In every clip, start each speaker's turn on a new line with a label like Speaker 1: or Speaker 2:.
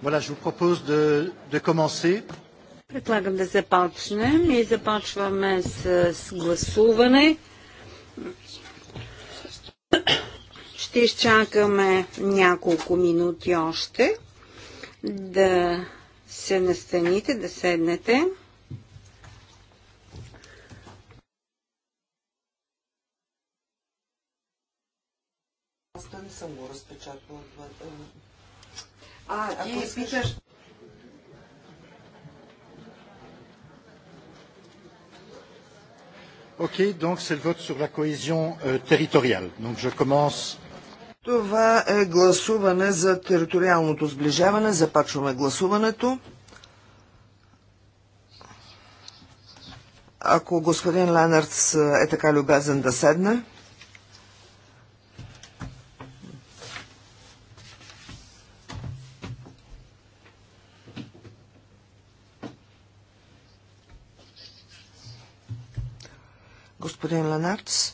Speaker 1: Voilà, je vous propose de, de commencer.
Speaker 2: Предлагам да започнем и започваме с, с гласуване. Ще изчакаме няколко минути още да се настаните, да седнете.
Speaker 3: speakers.
Speaker 1: Ok, donc c'est le vote sur la cohésion euh, territoriale. Donc je commence. Това е гласуване за териториалното сближаване.
Speaker 4: Започваме гласуването. Ако господин Ленардс е така любезен да седне. Шолц.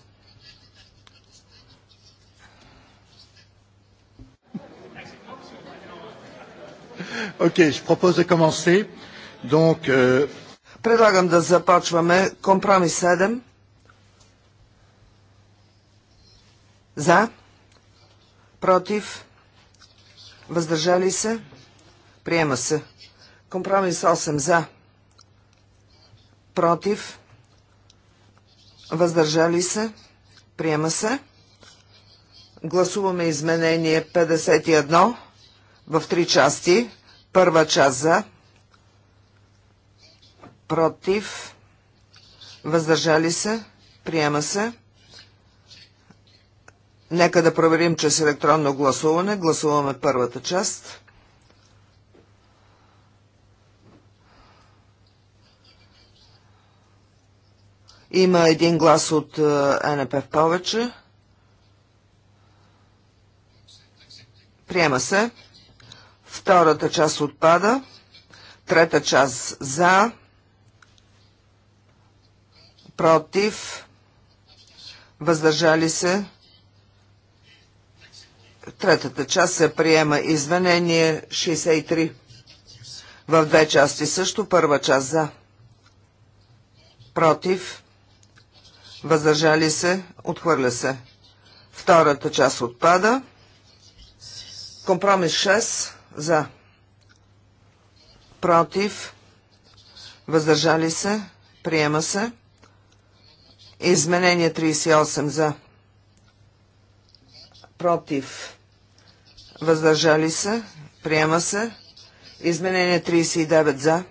Speaker 1: Ok, je propose de commencer. Donc, euh... Предлагам да започваме
Speaker 4: компромис 7. За, против, въздържали се, приема се. Компромис 8 за, против, въздържали се въздържали се, приема се. Гласуваме изменение 51 в три части. Първа част за, против, въздържали се, приема се. Нека да проверим чрез електронно гласуване. Гласуваме първата част. Има един глас от е, НП в повече. Приема се. Втората част отпада. Трета част за. Против. Въздържали се. Третата част се приема извинение 63. В две части също. Първа част за. Против въздържали се, отхвърля се. Втората част отпада. Компромис 6 за против, въздържали се, приема се. Изменение 38 за против, въздържали се, приема се. Изменение 39 за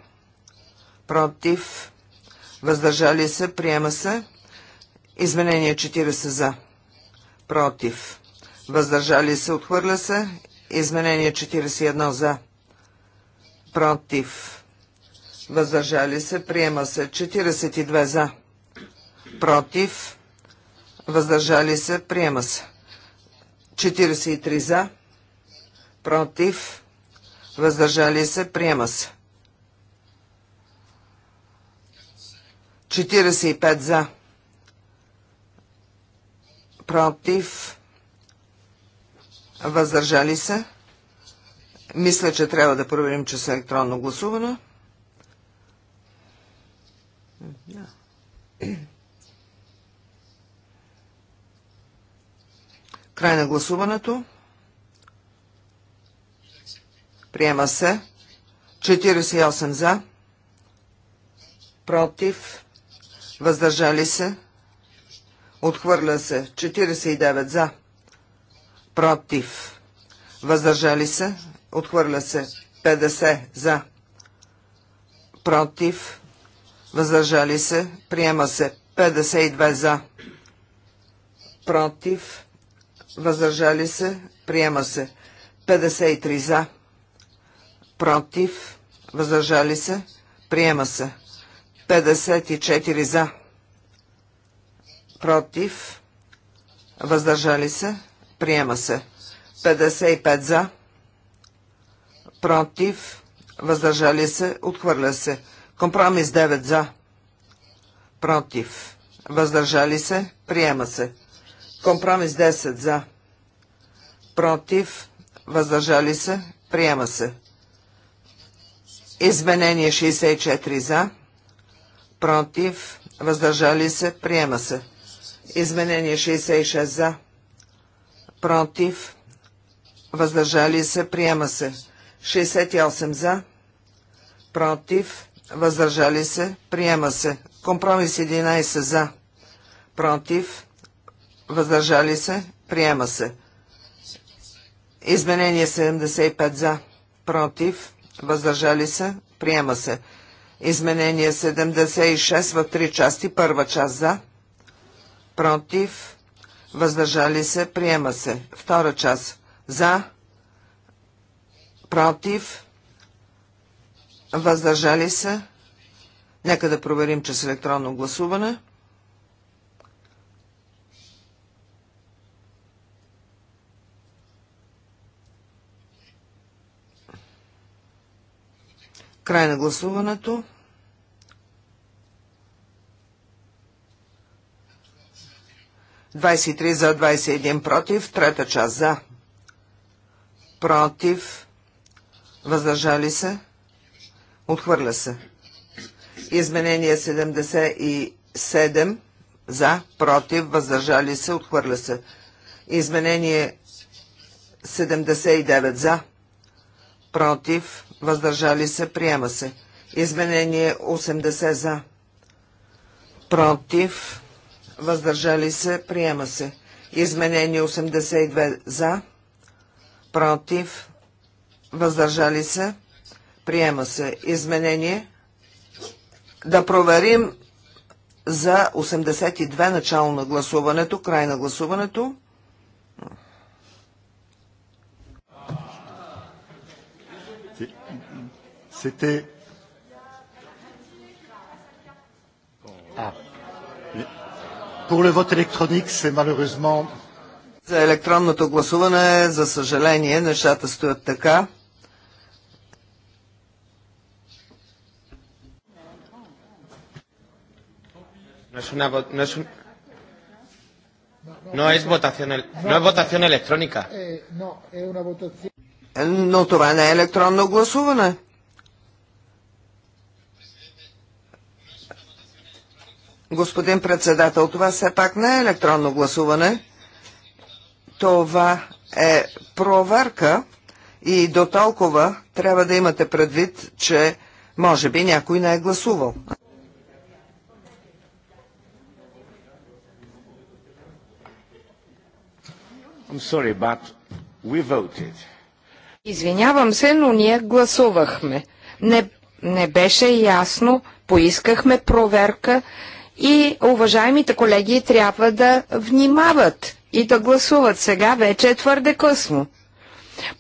Speaker 4: против, въздържали се, приема се. Изменение 40 за. Против. Въздържали се. Отхвърля се. Изменение 41 за. Против. Въздържали се. Приема се. 42 за. Против. Въздържали се. Приема се. 43 за. Против. Въздържали се. Приема се. 45 за против, въздържали се. Мисля, че трябва да проверим, че с електронно гласуване. Край на гласуването. Приема се. 48 за. Против. Въздържали се. Отхвърля се 49 за. Против. Въздържали се. Отхвърля се 50 за. Против. Въздържали се. Приема се 52 за. Против. Въздържали се. Приема се 53 за. Против. Въздържали се. Приема се 54 за против, въздържали се, приема се. 55 за, против, въздържали се, отхвърля се. Компромис 9 за, против, въздържали се, приема се. Компромис 10 за, против, въздържали се, приема се. Изменение 64 за, против, въздържали се, приема се. Изменение 66 за. Против. Въздържали се. Приема се. 68 за. Против. Въздържали се. Приема се. Компромис 11 за. Против. Въздържали се. Приема се. Изменение 75 за. Против. Въздържали се. Приема се. Изменение 76 в три части. Първа част за против, въздържали се, приема се. Втора част за, против, въздържали се. Нека да проверим, че с електронно гласуване. Край на гласуването. 23 за, 21 против. Трета част за. Против. Въздържали се. Отхвърля се. Изменение 77 за, против, въздържали се, отхвърля се. Изменение 79 за, против, въздържали се, приема се. Изменение 80 за, против, въздържали се, приема се. Изменение 82 за, против, въздържали се, приема се. Изменение да проверим за 82 начало на гласуването, край на гласуването.
Speaker 1: C'était За
Speaker 4: електронното гласуване, за съжаление, нещата стоят така. Но това не е електронно гласуване. Господин председател, това все пак не е електронно гласуване. Това е проверка и до толкова трябва да имате предвид, че може би някой не е гласувал.
Speaker 1: I'm sorry, but we voted.
Speaker 3: Извинявам се, но ние гласувахме. Не, не беше ясно, поискахме проверка и уважаемите колеги трябва да внимават и да гласуват. Сега вече е твърде късно.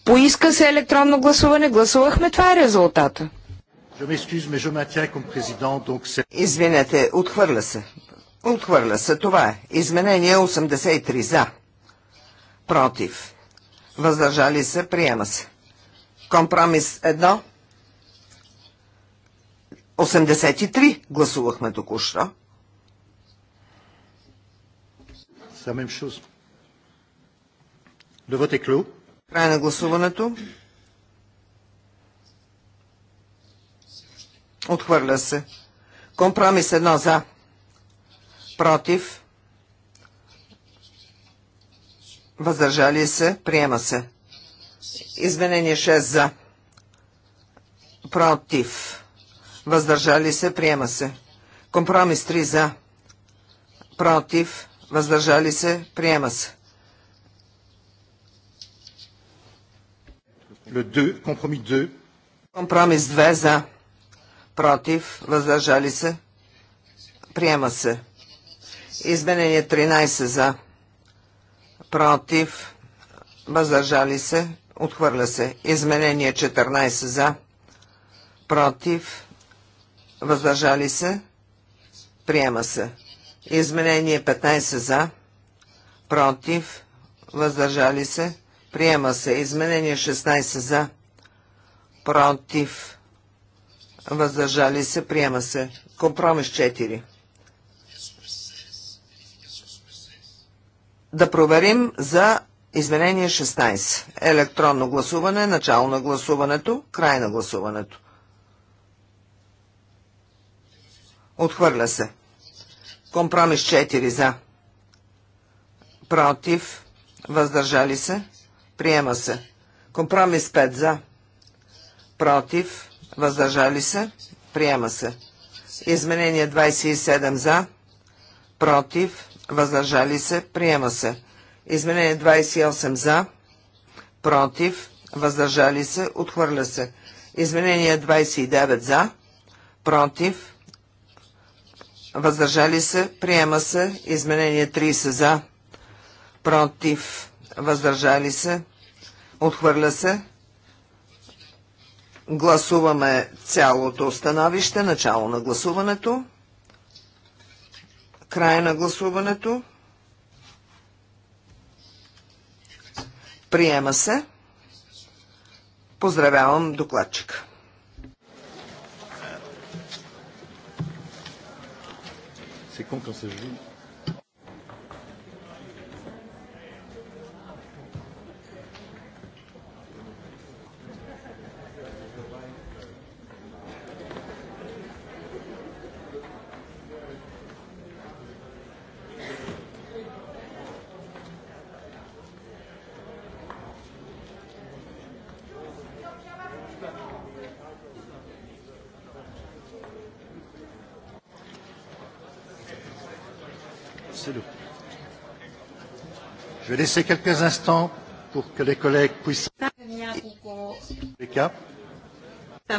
Speaker 3: Поиска се електронно гласуване, гласувахме, това е резултата.
Speaker 1: Извинете, отхвърля
Speaker 4: се. Отхвърля се, това е. Изменение 83 за. Против. Въздържали се, приема се. Компромис 1. 83 гласувахме току-що.
Speaker 1: C'est la même chose. Le vote est clos. Край на гласуването.
Speaker 4: Отхвърля се. Компромис едно за. Против. Въздържали се. Приема се. Изменение 6 за. Против. Въздържали се. Приема се. Компромис 3 за. Против въздържали се, приема се.
Speaker 1: компромис 2.
Speaker 4: Компромис 2 за, против, въздържали се, приема се. Изменение 13 за, против, въздържали се, отхвърля се. Изменение 14 за, против, въздържали се, приема се. Изменение 15 за, против, въздържали се, приема се. Изменение 16 за, против, въздържали се, приема се. Компромис 4. Да проверим за изменение 16. Електронно гласуване, начало на гласуването, край на гласуването. Отхвърля се. Компромис 4 за. Против. Въздържали се. Приема се. Компромис 5 за. Против. Въздържали се. Приема се. Изменение 27 за. Против. Въздържали се. Приема се. Изменение 28 за. Против. Въздържали се. Отхвърля се. Изменение 29 за. Против въздържали се, приема се. Изменение 30 за, против, въздържали се, отхвърля се. Гласуваме цялото становище, начало на гласуването, край на гласуването. Приема се. Поздравявам докладчика.
Speaker 1: C'est quand quand ça joue. Je vais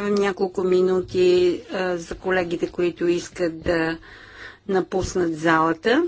Speaker 2: няколко минути за колегите, които искат да напуснат залата.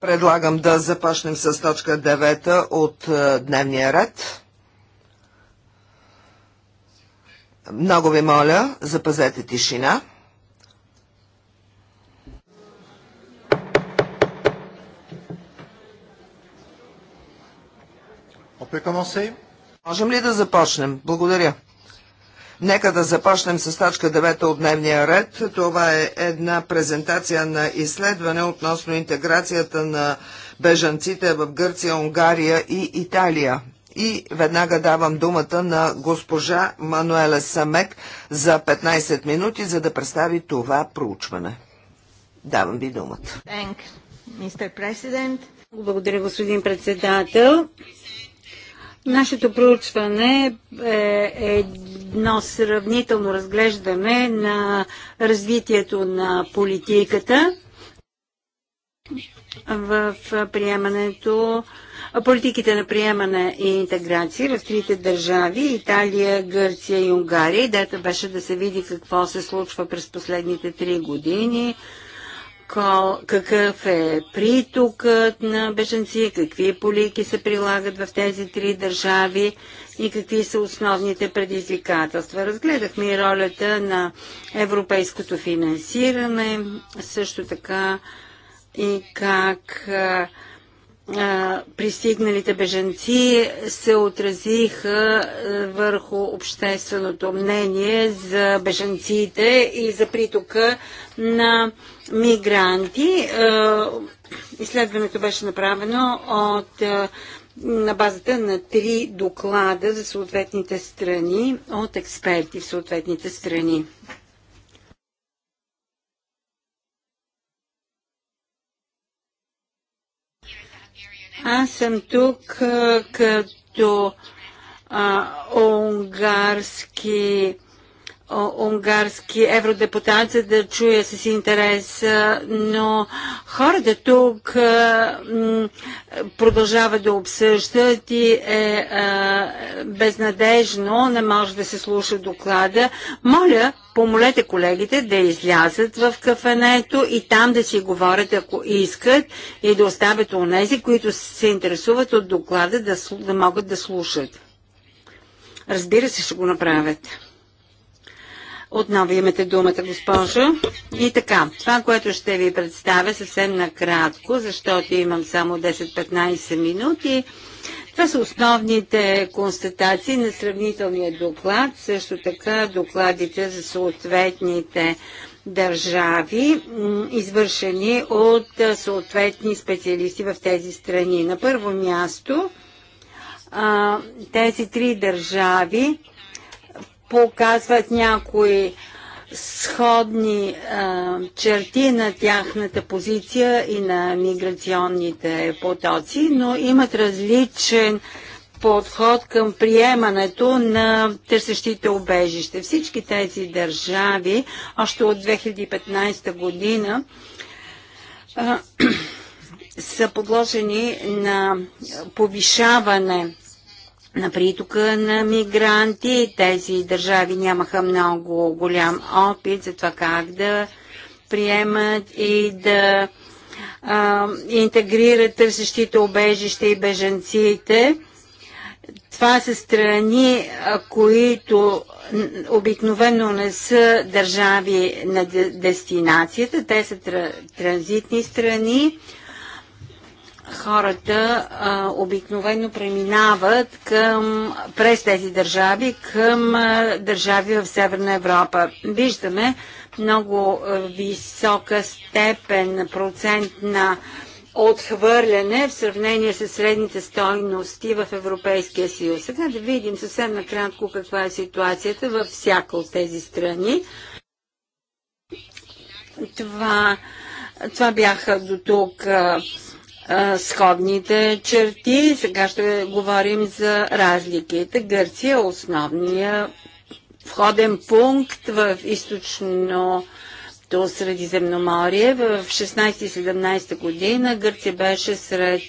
Speaker 4: Предлагам да започнем с точка 9 от е, дневния ред. Много ви моля, запазете тишина. Можем ли да започнем? Благодаря. Нека да започнем с точка 9 от дневния ред. Това е една презентация на изследване относно интеграцията на бежанците в Гърция, Унгария и Италия. И веднага давам думата на госпожа Мануела Самек за 15 минути, за да представи това проучване. Давам ви думата.
Speaker 2: Благодаря, господин председател. Нашето проучване е едно сравнително разглеждане на развитието на политиката в приемането политиките на приемане и интеграция в трите държави Италия, Гърция и Унгария. Идеята беше да се види какво се случва през последните три години какъв е притокът на беженци, какви полики се прилагат в тези три държави и какви са основните предизвикателства. Разгледахме и ролята на европейското финансиране, също така и как пристигналите беженци се отразиха върху общественото мнение за беженците и за притока на мигранти. Е, изследването беше направено от е, на базата на три доклада за съответните страни от експерти в съответните страни. Аз съм тук е, като а, унгарски унгарски евродепутат, за да чуя с интерес, но хората тук продължават да обсъждат и е безнадежно, не може да се слуша доклада. Моля, помолете колегите да излязат в кафенето и там да си говорят, ако искат, и да оставят у нези, които се интересуват от доклада, да, да могат да слушат. Разбира се, ще го направят. Отново имате думата, госпожо. И така, това, което ще ви представя съвсем накратко, защото имам само 10-15 минути, това са основните констатации на сравнителния доклад, също така докладите за съответните държави, извършени от съответни специалисти в тези страни. На първо място, тези три държави показват някои сходни а, черти на тяхната позиция и на миграционните потоци, но имат различен подход към приемането на търсещите обежище. Всички тези държави още от 2015 година а, са подложени на повишаване на притока на мигранти. Тези държави нямаха много голям опит за това как да приемат и да а, интегрират търсещите обежище и бежанците. Това са страни, които обикновено не са държави на дестинацията, те са транзитни страни, хората а, обикновено преминават към, през тези държави към а, държави в Северна Европа. Виждаме много а, висока степен процент на отхвърляне в сравнение с средните стойности в Европейския съюз. Сега да видим съвсем накратко каква е ситуацията във всяка от тези страни. Това, това бяха до тук сходните черти. Сега ще говорим за разликите. Гърция е основния входен пункт в източно Южното Средиземноморие. В 16-17 година Гърция беше сред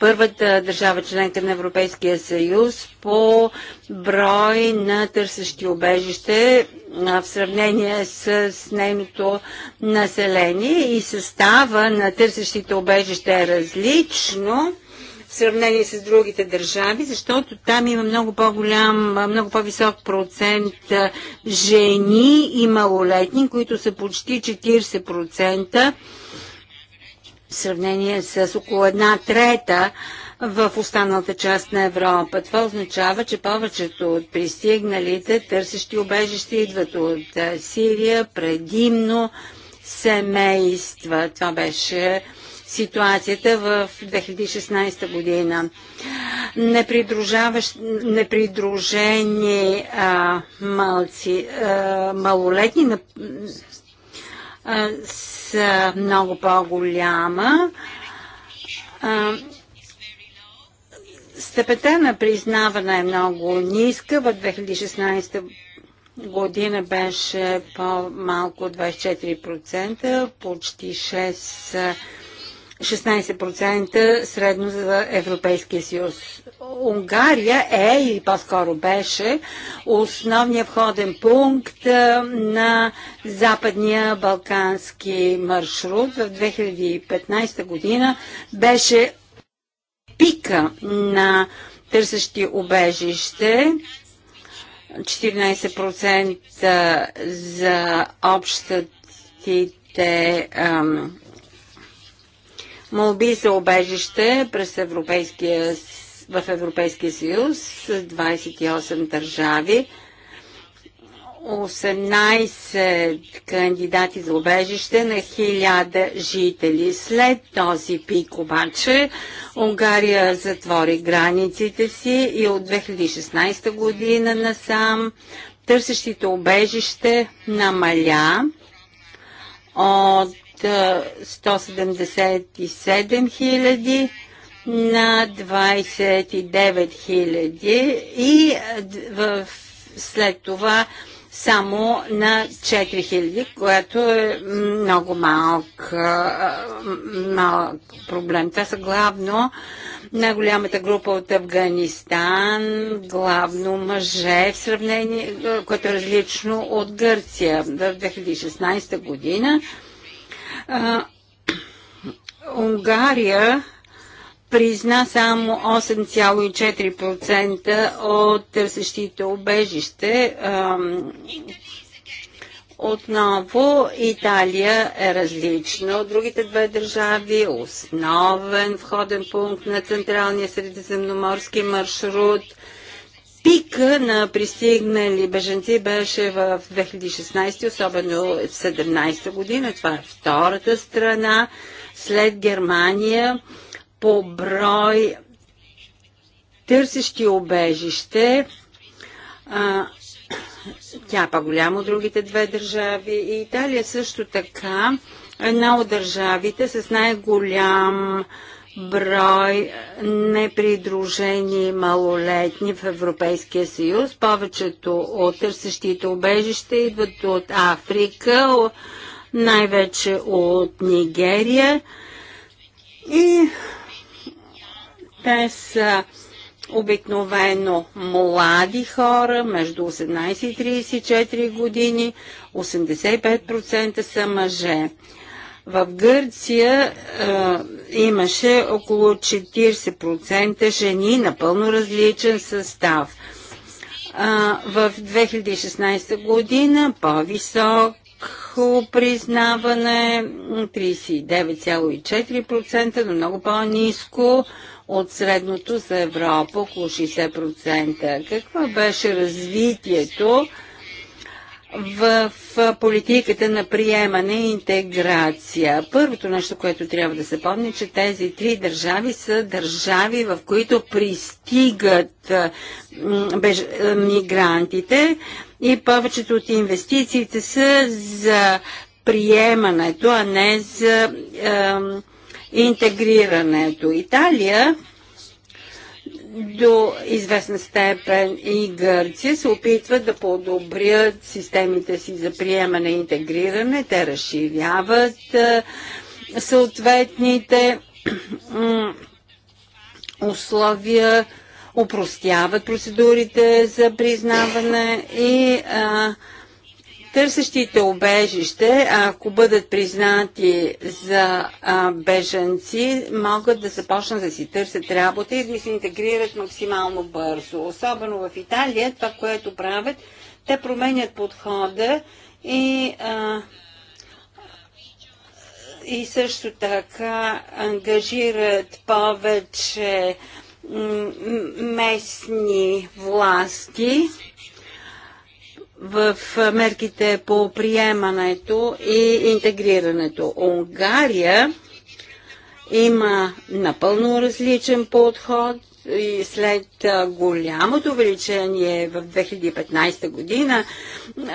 Speaker 2: първата държава членка на Европейския съюз по брой на търсещи обежище в сравнение с нейното население и състава на търсещите обежище е различно в сравнение с другите държави, защото там има много по-голям, много по-висок процент жени и малолетни, които са почти 40% в сравнение с около една трета в останалата част на Европа. Това означава, че повечето от пристигналите търсещи обежище идват от Сирия, предимно семейства. Това беше ситуацията в 2016 година. Непридружени а, малци, а, малолетни а, са много по-голяма. Степента на признаване е много ниска. В 2016 година беше по-малко 24%, почти 6 16% средно за Европейския съюз. Унгария е, или по-скоро беше, основният входен пункт на западния балкански маршрут. В 2015 година беше пика на търсещи обежище. 14% за общите молби за обежище през Европейския, в Европейския съюз с 28 държави. 18 кандидати за обежище на 1000 жители. След този пик обаче Унгария затвори границите си и от 2016 година насам търсещите обежище намаля от 177 хиляди на 29 хиляди и в, след това само на 4000, което е много малък, малък проблем. Това са главно най-голямата група от Афганистан, главно мъже в сравнение, което е различно от Гърция. В 2016 година а, Унгария призна само 8,4% от търсещите обежище. отново Италия е различна от другите две държави. Основен входен пункт на Централния средиземноморски маршрут – пика на пристигнали беженци беше в 2016, особено в 2017 година. Това е втората страна след Германия по брой търсещи обежище. А, тя е по-голяма от другите две държави. И Италия също така една от държавите с най-голям брой непридружени малолетни в Европейския съюз. Повечето от търсещите убежище идват от Африка, най-вече от Нигерия. И те са обикновено млади хора, между 18 и 34 години, 85% са мъже. В Гърция а, имаше около 40% жени, напълно различен състав. А, в 2016 година по-висок признаване 39,4%, но много по-низко от средното за Европа, около 60%. Какво беше развитието? в политиката на приемане и интеграция. Първото нещо, което трябва да се помни, е, че тези три държави са държави, в които пристигат беж... мигрантите и повечето от инвестициите са за приемането, а не за е, интегрирането. Италия до известна степен и Гърция се опитват да подобрят системите си за приемане и интегриране. Те разширяват е, съответните условия, упростяват процедурите за признаване и а, Търсещите обежище, ако бъдат признати за а, беженци, могат да започнат да си търсят работа и да се интегрират максимално бързо. Особено в Италия, това, което правят, те променят подхода и, а, и също така ангажират повече местни власти в мерките по приемането и интегрирането. Унгария има напълно различен подход и след голямото увеличение в 2015 година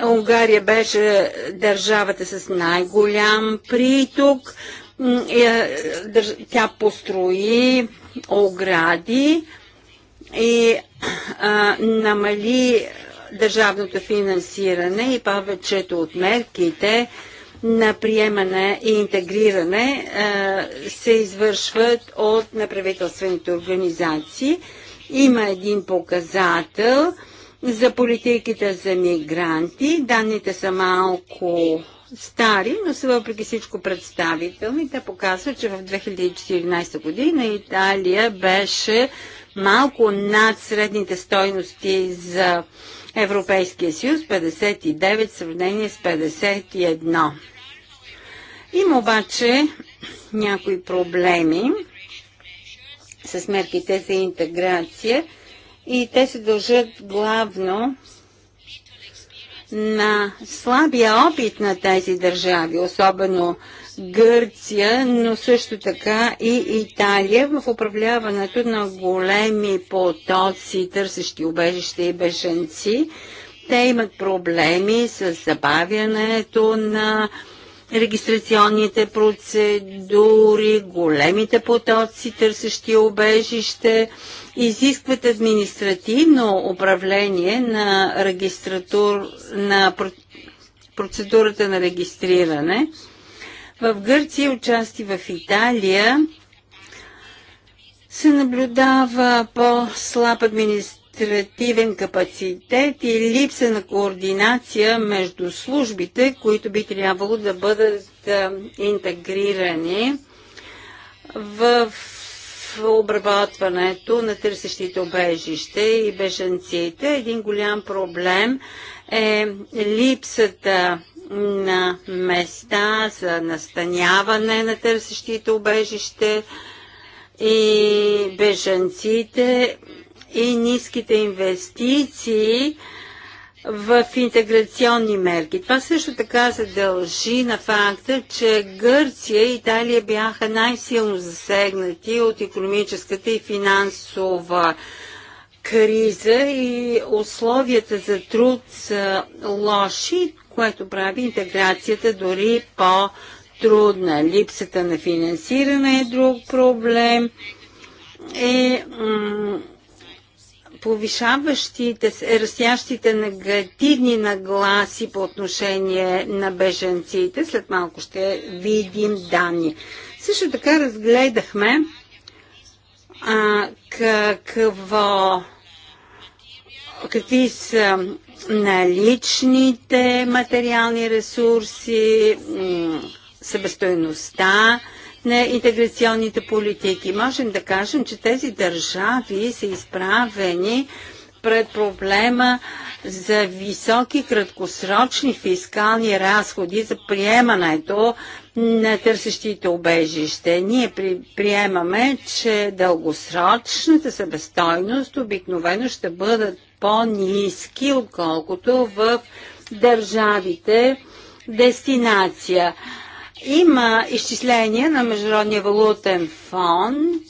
Speaker 2: Унгария беше държавата с най-голям приток. Е, тя построи огради и а, намали държавното финансиране и повечето от мерките на приемане и интегриране е, се извършват от неправителствените организации. Има един показател за политиките за мигранти. Данните са малко стари, но са въпреки всичко представителни. Те показват, че в 2014 година Италия беше малко над средните стойности за Европейския съюз 59 в сравнение с 51. Има обаче някои проблеми с мерките за интеграция и те се дължат главно на слабия опит на тези държави, особено Гърция, но също така и Италия в управляването на големи потоци, търсещи убежище и беженци. Те имат проблеми с забавянето на регистрационните процедури, големите потоци, търсещи обежище, изискват административно управление на, регистратур, на процедурата на регистриране в Гърция, отчасти в Италия, се наблюдава по-слаб административен капацитет и липса на координация между службите, които би трябвало да бъдат интегрирани в обработването на търсещите обежище и бежанците. Един голям проблем е липсата на места за настаняване на търсещите убежище и бежанците и ниските инвестиции в интеграционни мерки. Това също така се дължи на факта, че Гърция и Италия бяха най-силно засегнати от економическата и финансова криза и условията за труд са лоши което прави интеграцията дори по-трудна. Липсата на финансиране е друг проблем. Е, повишаващите, е, растящите негативни нагласи по отношение на беженците. След малко ще видим данни. Също така разгледахме а, какво, какви са наличните материални ресурси, събестойността на интеграционните политики. Можем да кажем, че тези държави са изправени пред проблема за високи краткосрочни фискални разходи за приемането на търсещите обежище. Ние при, приемаме, че дългосрочната събестойност обикновено ще бъдат по-низки, отколкото в държавите дестинация. Има изчисления на Международния валутен фонд,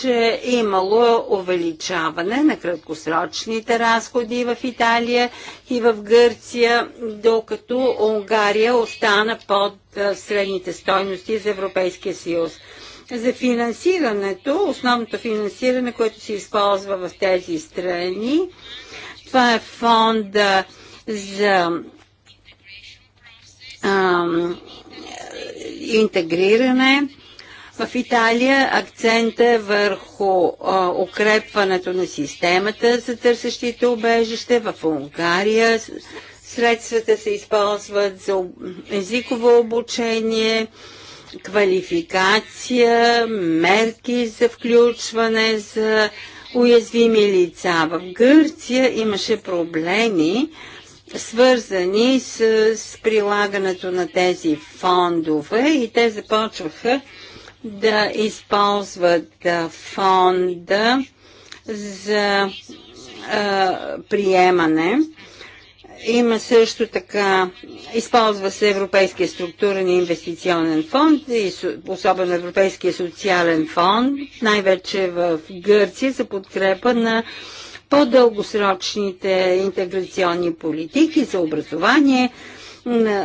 Speaker 2: че имало увеличаване на краткосрочните разходи в Италия и в Гърция, докато Унгария остана под средните стойности за Европейския съюз за финансирането, основното финансиране, което се използва в тези страни. Това е фонда за а, интегриране. В Италия акцента е върху а, укрепването на системата за търсещите убежище. В Унгария средствата се използват за езиково обучение, квалификация, мерки за включване за уязвими лица. В Гърция имаше проблеми, свързани с, с прилагането на тези фондове и те започваха да използват фонда за а, приемане има също така, използва се Европейския структурен и инвестиционен фонд, и особено Европейския социален фонд, най-вече в Гърция, за подкрепа на по-дългосрочните интеграционни политики за образование,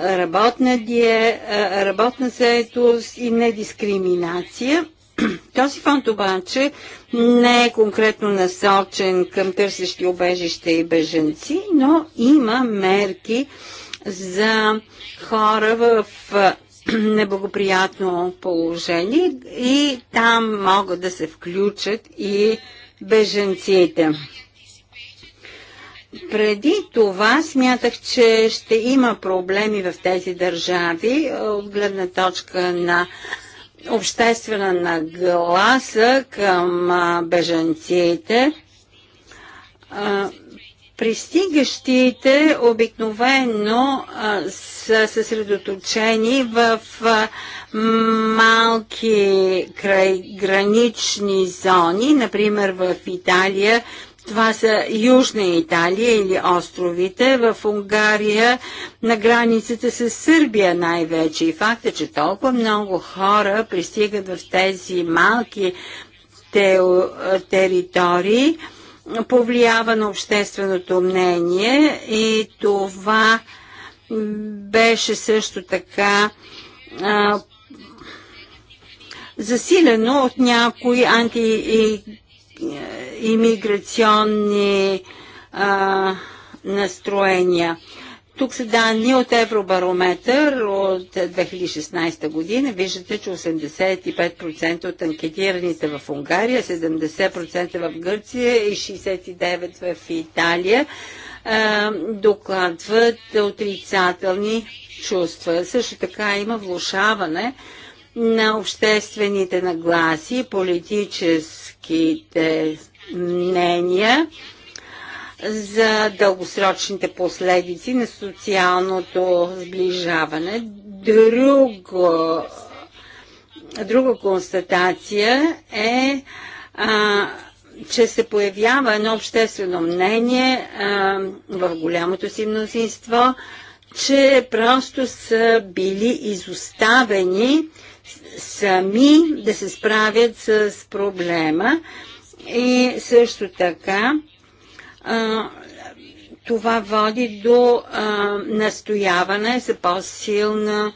Speaker 2: работна, дие, работна заетост и недискриминация. Този фонд обаче не е конкретно насочен към търсещи обежище и беженци, но има мерки за хора в неблагоприятно положение и там могат да се включат и беженците. Преди това смятах, че ще има проблеми в тези държави от гледна точка на обществена нагласа към бежанците. пристигащите обикновено са съсредоточени в малки край, гранични зони, например в Италия това са Южна Италия или островите в Унгария на границата с Сърбия най-вече. И факта, че толкова много хора пристигат в тези малки те, територии, повлиява на общественото мнение и това беше също така а, засилено от някои анти имиграционни а, настроения. Тук са данни от Евробарометър от 2016 година. Виждате, че 85% от анкетираните в Унгария, 70% в Гърция и 69% в Италия а, докладват отрицателни чувства. Също така има влушаване на обществените нагласи, политически вашите мнения за дългосрочните последици на социалното сближаване. Друго, друга констатация е, а, че се появява едно обществено мнение а, в голямото си мнозинство, че просто са били изоставени а, сами да се справят с проблема и също така а, това води до а, настояване за по-силна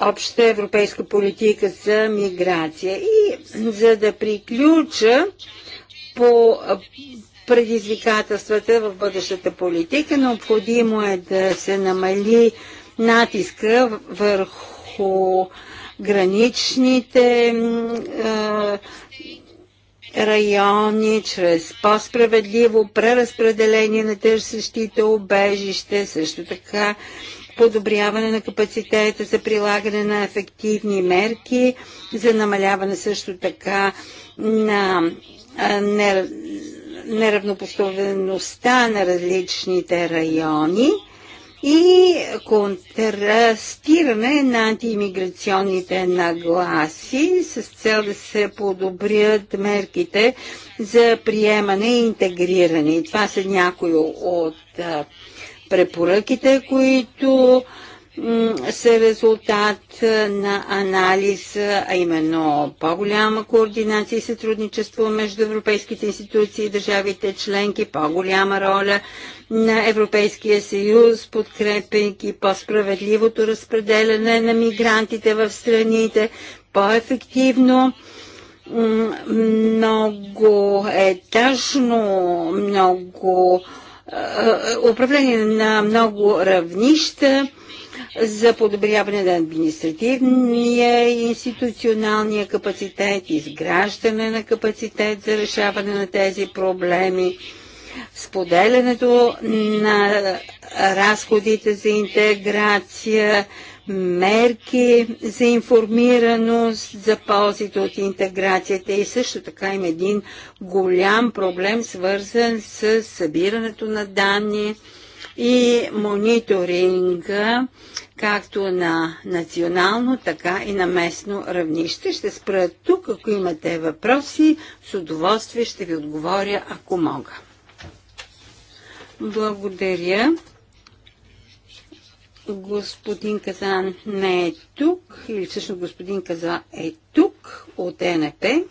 Speaker 2: обща европейска политика за миграция. И за да приключа по предизвикателствата в бъдещата политика, необходимо е да се намали натиска върху граничните райони, чрез по-справедливо преразпределение на търсещите обежище, също така подобряване на капацитета за прилагане на ефективни мерки, за намаляване също така на неравнопоставеността на различните райони и контрастиране на антиимиграционните нагласи с цел да се подобрят мерките за приемане и интегриране. Това са някои от препоръките, които са резултат на анализ, а именно по-голяма координация и сътрудничество между европейските институции и държавите членки, по-голяма роля на Европейския съюз, подкрепяйки по-справедливото разпределяне на мигрантите в страните, по-ефективно много етажно, много управление на много равнища за подобряване на административния и институционалния капацитет, изграждане на капацитет за решаване на тези проблеми, споделянето на разходите за интеграция, мерки за информираност за ползите от интеграцията и също така има един голям проблем свързан с събирането на данни и мониторинга както на национално, така и на местно равнище. Ще спра тук, ако имате въпроси, с удоволствие ще ви отговоря, ако мога. Благодаря. Господин Казан не е тук, или всъщност господин Казан е тук от ЕНП.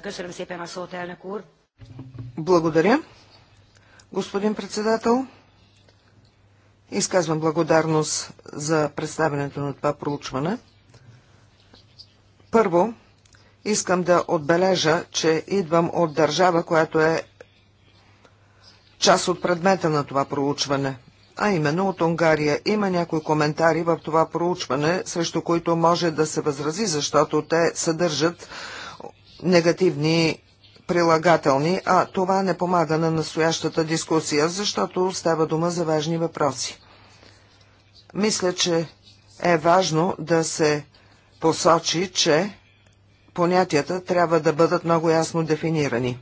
Speaker 2: Köszönöm szépen a szót, elnök úr.
Speaker 4: Благодаря. Господин председател, изказвам благодарност за представенето на това проучване. Първо, искам да отбележа, че идвам от държава, която е част от предмета на това проучване, а именно от Унгария. Има някои коментари в това проучване, срещу които може да се възрази, защото те съдържат негативни прилагателни, а това не помага на настоящата дискусия, защото става дума за важни въпроси. Мисля, че е важно да се посочи, че понятията трябва да бъдат много ясно дефинирани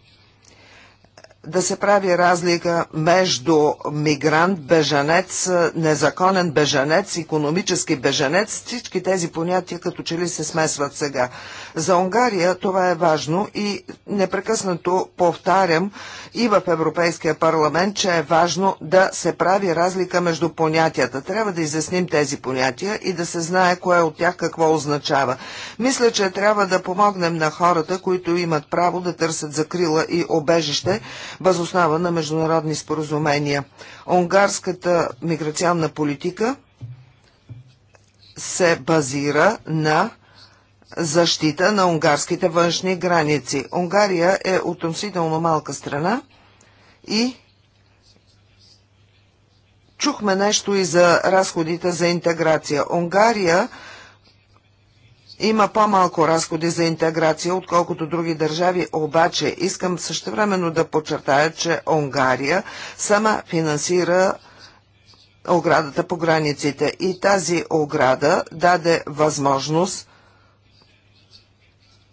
Speaker 4: да се прави разлика между мигрант, бежанец, незаконен бежанец, економически бежанец. Всички тези понятия като че ли се смесват сега. За Унгария това е важно и непрекъснато повтарям и в Европейския парламент, че е важно да се прави разлика между понятията. Трябва да изясним тези понятия и да се знае кое от тях какво означава. Мисля, че трябва да помогнем на хората, които имат право да търсят закрила и обежище, възоснава на международни споразумения. Унгарската миграционна политика се базира на защита на унгарските външни граници. Унгария е относително малка страна и чухме нещо и за разходите за интеграция. Унгария има по-малко разходи за интеграция, отколкото други държави, обаче искам същевременно да подчертая, че Унгария сама финансира оградата по границите и тази ограда даде възможност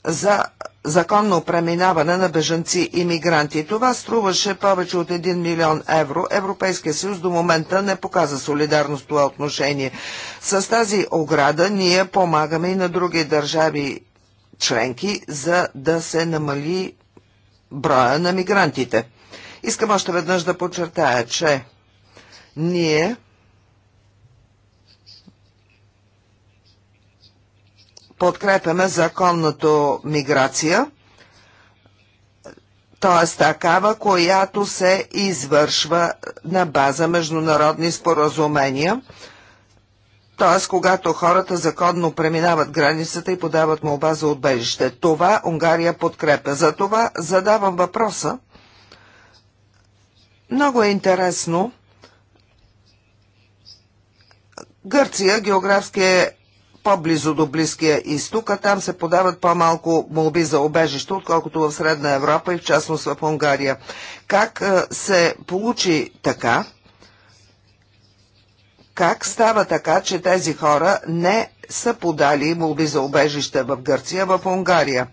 Speaker 4: за законно преминаване на бежанци и мигранти. Това струваше повече от 1 милион евро. Европейския съюз до момента не показа солидарност това отношение. С тази ограда ние помагаме и на други държави членки, за да се намали броя на мигрантите. Искам още веднъж да подчертая, че ние подкрепяме законното миграция, т.е. такава, която се извършва на база международни споразумения, т.е. когато хората законно преминават границата и подават молба за бежище. Това Унгария подкрепя. За това задавам въпроса. Много е интересно. Гърция географски е по-близо до Близкия изток, а там се подават по-малко молби за обежище, отколкото в Средна Европа и в частност в Унгария. Как е, се получи така? Как става така, че тези хора не са подали молби за обежище в Гърция, в Унгария?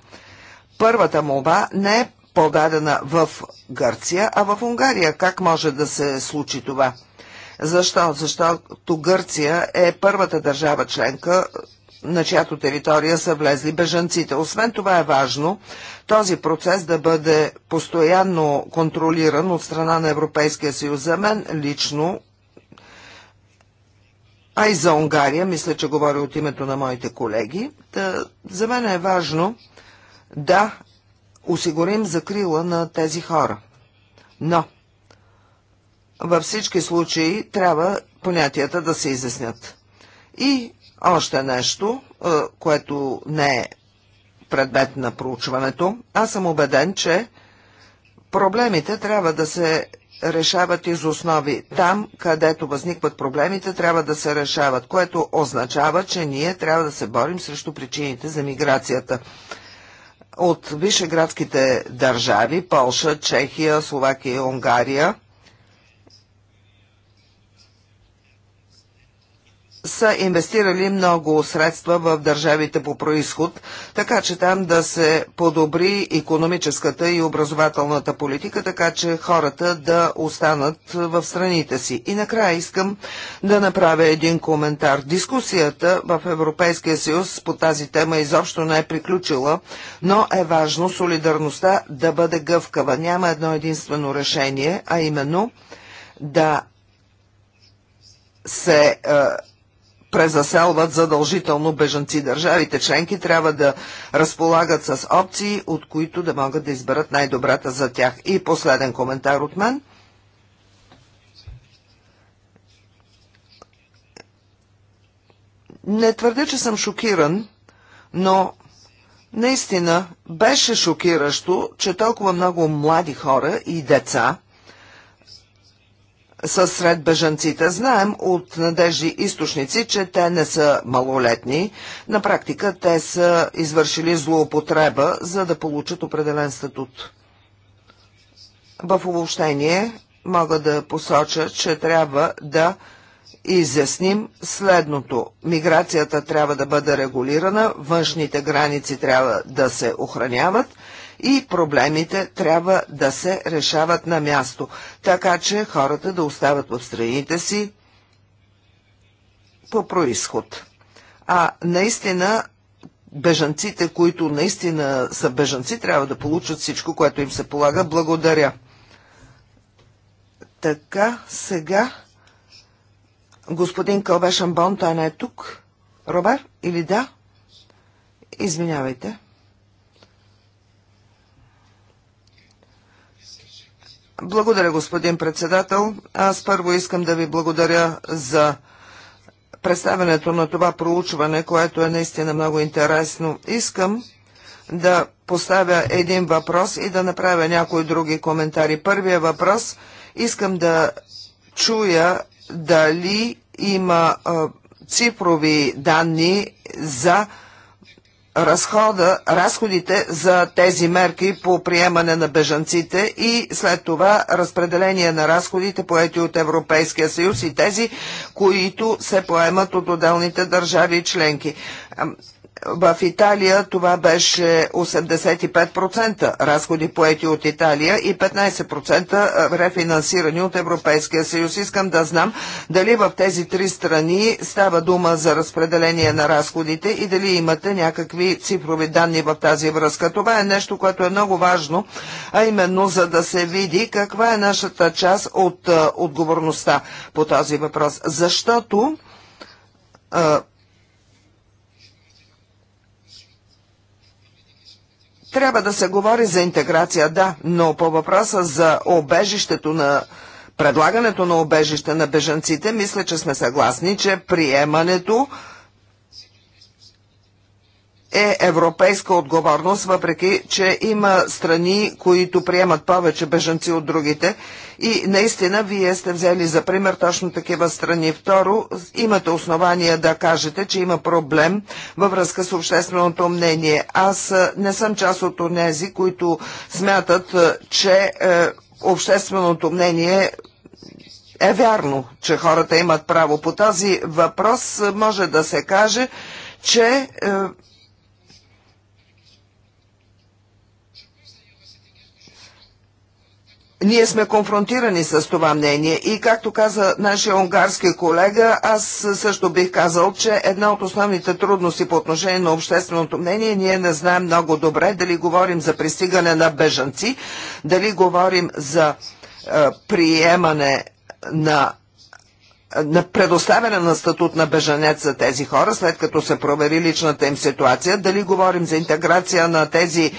Speaker 4: Първата молба не е подадена в Гърция, а в Унгария. Как може да се случи това? Защо? Защото Гърция е първата държава членка, на чиято територия са влезли бежанците. Освен това е важно този процес да бъде постоянно контролиран от страна на Европейския съюз. За мен лично, а и за Унгария, мисля, че говоря от името на моите колеги, да, за мен е важно да осигурим закрила на тези хора. Но във всички случаи трябва понятията да се изяснят. И още нещо, е, което не е предмет на проучването, аз съм убеден, че проблемите трябва да се решават из основи. Там, където възникват проблемите, трябва да се решават, което означава, че ние трябва да се борим срещу причините за миграцията. От вишеградските държави, Полша, Чехия, Словакия и Унгария – са инвестирали много средства в държавите по происход, така че там да се подобри економическата и образователната политика, така че хората да останат в страните си. И накрая искам да направя един коментар. Дискусията в Европейския съюз по тази тема изобщо не е приключила, но е важно солидарността да бъде гъвкава. Няма едно единствено решение, а именно да се е, презаселват задължително бежанци. Държавите членки трябва да разполагат с опции, от които да могат да изберат най-добрата за тях. И последен коментар от мен. Не твърде, че съм шокиран, но наистина беше шокиращо, че толкова много млади хора и деца – са сред бежанците. Знаем от надежди източници, че те не са малолетни. На практика те са извършили злоупотреба, за да получат определен статут. В обобщение мога да посоча, че трябва да изясним следното. Миграцията трябва да бъде регулирана, външните граници трябва да се охраняват – и проблемите трябва да се решават на място, така че хората да остават в страните си по происход. А наистина бежанците, които наистина са бежанци, трябва да получат всичко, което им се полага. Благодаря. Така, сега господин Кълбешан Бон, той не е тук. Робер, или да? Извинявайте. Благодаря, господин председател. Аз първо искам да ви благодаря за представянето на това проучване, което е наистина много интересно. Искам да поставя един въпрос и да направя някои други коментари. Първия въпрос искам да чуя дали има цифрови данни за разхода, разходите за тези мерки по приемане на бежанците и след това разпределение на разходите поети от Европейския съюз и тези, които се поемат от отделните държави членки в Италия това беше 85% разходи поети от Италия и 15% рефинансирани от Европейския съюз. Искам да знам дали в тези три страни става дума за разпределение на разходите и дали имате някакви цифрови данни в тази връзка. Това е нещо, което е много важно, а именно за да се види каква е нашата част от отговорността по този въпрос. Защото Трябва да се говори за интеграция, да, но по въпроса за обежището на предлагането на обежище на бежанците, мисля, че сме съгласни, че приемането е европейска отговорност, въпреки че има страни, които приемат повече бежанци от другите. И наистина вие сте взели за пример точно такива страни. Второ, имате основания да кажете, че има проблем във връзка с общественото мнение. Аз не съм част от тези, които смятат, че е, общественото мнение е вярно, че хората имат право. По този въпрос може да се каже, че е, ние сме конфронтирани с това мнение и както каза нашия унгарски колега, аз също бих казал, че една от основните трудности по отношение на общественото мнение, ние не знаем много добре дали говорим за пристигане на бежанци, дали говорим за е, приемане на на предоставяне на статут на бежанец за тези хора, след като се провери личната им ситуация, дали говорим за интеграция на тези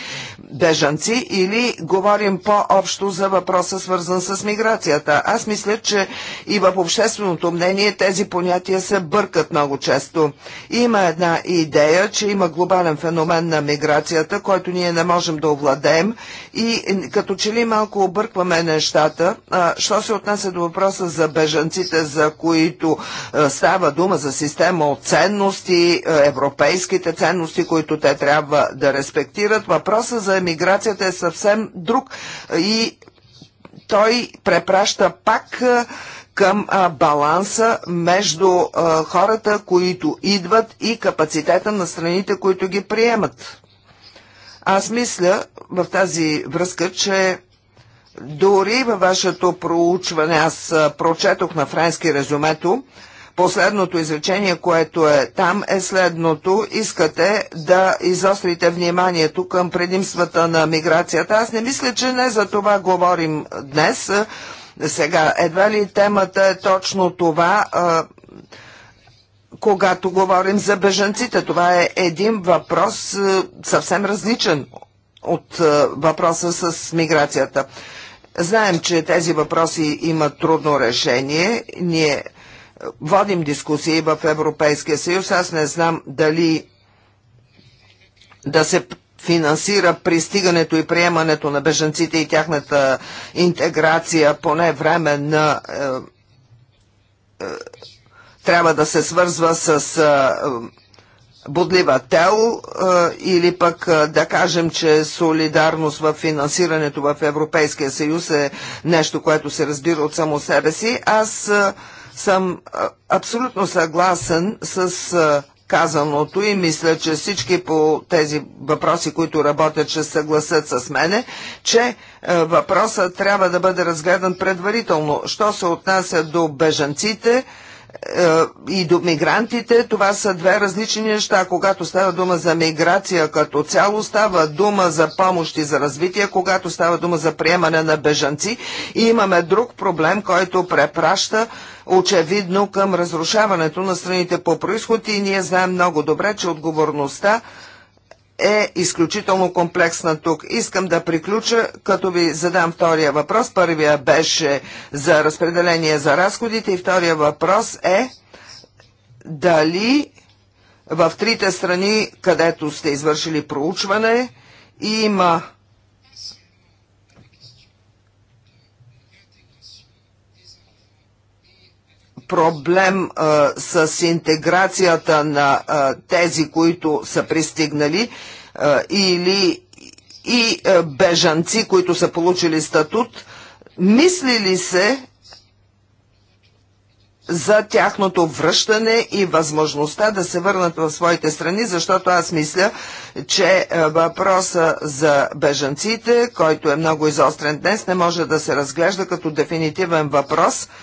Speaker 4: бежанци или говорим по-общо за въпроса свързан с миграцията. Аз мисля, че и в общественото мнение тези понятия се бъркат много често. Има една идея, че има глобален феномен на миграцията, който ние не можем да овладеем и като че ли малко объркваме нещата. А, що се отнася до въпроса за бежанците, за които е, става дума за система от ценности, е, европейските ценности, които те трябва да респектират. Въпросът за емиграцията е съвсем друг е, и той препраща пак към а, баланса между а, хората, които идват и капацитета на страните, които ги приемат. Аз мисля в тази връзка, че дори във вашето проучване, аз прочетох на френски резюмето, Последното изречение, което е там, е следното. Искате да изострите вниманието към предимствата на миграцията. Аз не мисля, че не за това говорим днес. Сега, едва ли темата е точно това, а, когато говорим за бежанците. Това е един въпрос а, съвсем различен от а, въпроса с миграцията. Знаем, че тези въпроси имат трудно решение. Ние е, водим дискусии в Европейския съюз. Аз не знам дали да се финансира пристигането и приемането на беженците и тяхната интеграция поне време на е, е, трябва да се свързва с е, бодлива тел или пък да кажем, че солидарност в финансирането в Европейския съюз е нещо, което се разбира от само себе си. Аз съм абсолютно съгласен с казаното и мисля, че всички по тези въпроси, които работят, ще съгласат с мене, че въпросът трябва да бъде разгледан предварително. Що се отнася до бежанците, е, и до мигрантите, това са две различни неща. Когато става дума за миграция като цяло, става дума за помощи за развитие, когато става дума за приемане на бежанци и имаме друг проблем, който препраща очевидно към разрушаването на страните по происход и ние знаем много добре, че отговорността е изключително комплексна тук. Искам да приключа, като ви задам втория въпрос. Първия беше за разпределение за разходите и втория въпрос е дали в трите страни, където сте извършили проучване, има проблем а, с интеграцията на а, тези, които са пристигнали а, или и а, бежанци, които са получили статут, мисли ли се за тяхното връщане и възможността да се върнат в своите страни, защото аз мисля, че въпроса за бежанците, който е много изострен днес, не може да се разглежда като дефинитивен въпрос –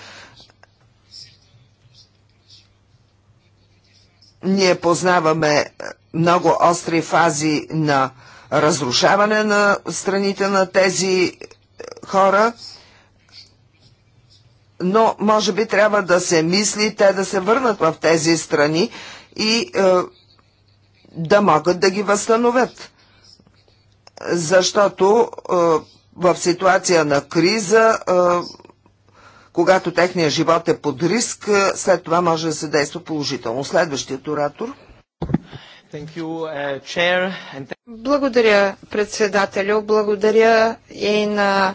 Speaker 4: Ние познаваме е, много остри фази на разрушаване на страните на тези е, хора, но може би трябва да се мисли те да се върнат в тези страни и е, да могат да ги възстановят. Защото е, в ситуация на криза е, когато техният живот е под риск, след това може да се действа положително. Следващият оратор.
Speaker 3: Uh, Благодаря, председателю. Благодаря и на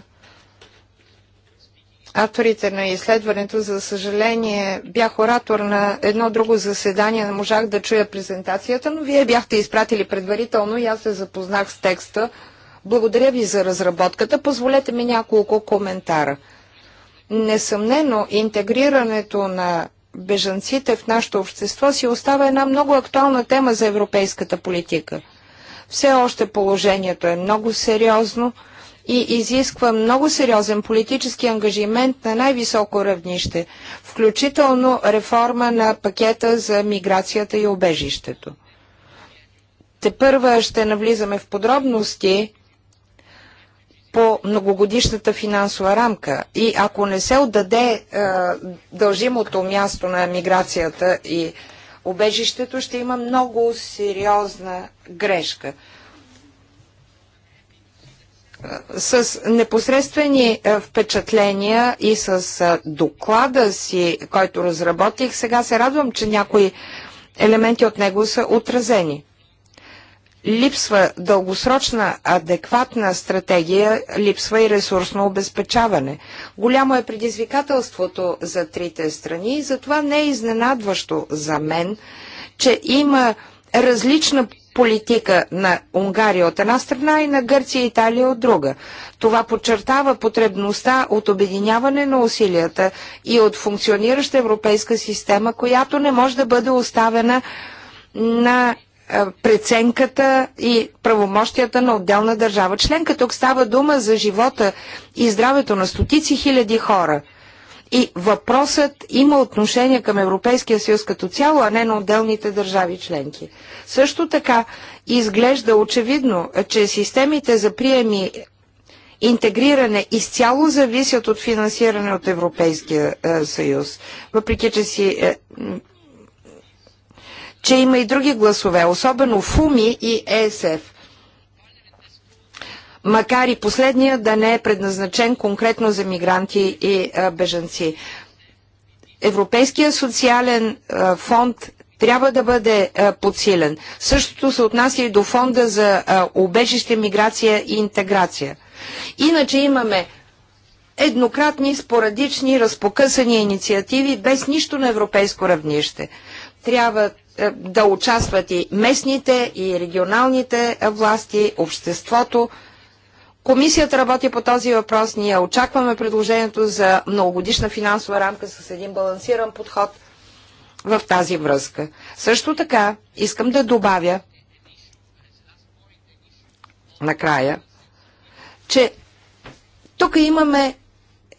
Speaker 3: авторите на изследването. За съжаление, бях оратор на едно друго заседание, не можах да чуя презентацията, но вие бяхте изпратили предварително и аз се запознах с текста. Благодаря ви за разработката. Позволете ми няколко коментара. Несъмнено, интегрирането на бежанците в нашето общество си остава една много актуална тема за европейската политика. Все още положението е много сериозно и изисква много сериозен политически ангажимент на най-високо равнище, включително реформа на пакета за миграцията и обежището. Те първа ще навлизаме в подробности по многогодишната финансова рамка. И ако не се отдаде е, дължимото място на миграцията и убежището, ще има много сериозна грешка. Е, с непосредствени е, впечатления и с доклада си, който разработих, сега се радвам, че някои елементи от него са отразени. Липсва дългосрочна адекватна стратегия, липсва и ресурсно обезпечаване. Голямо е предизвикателството за трите страни и затова не е изненадващо за мен, че има различна политика на Унгария от една страна и на Гърция и Италия от друга. Това подчертава потребността от обединяване на усилията и от функционираща европейска система, която не може да бъде оставена на преценката и правомощията на отделна държава членка. Тук става дума за живота и здравето на стотици хиляди хора. И въпросът има отношение към Европейския съюз като цяло, а не на отделните държави членки. Също така изглежда очевидно, че системите за приеми интегриране изцяло зависят от финансиране от Европейския съюз, въпреки че си е, че има и други гласове, особено ФУМИ и ЕСФ. Макар и последния да не е предназначен конкретно за мигранти и бежанци. Европейския социален фонд трябва да бъде подсилен. Същото се отнася и до фонда за обежище, убежище, миграция и интеграция. Иначе имаме еднократни, спорадични, разпокъсани инициативи без нищо на европейско равнище. Трябва е, да участват и местните, и регионалните власти, обществото. Комисията работи по този въпрос. Ние очакваме предложението за многогодишна финансова рамка с един балансиран подход в тази връзка. Също така искам да добавя накрая, че тук имаме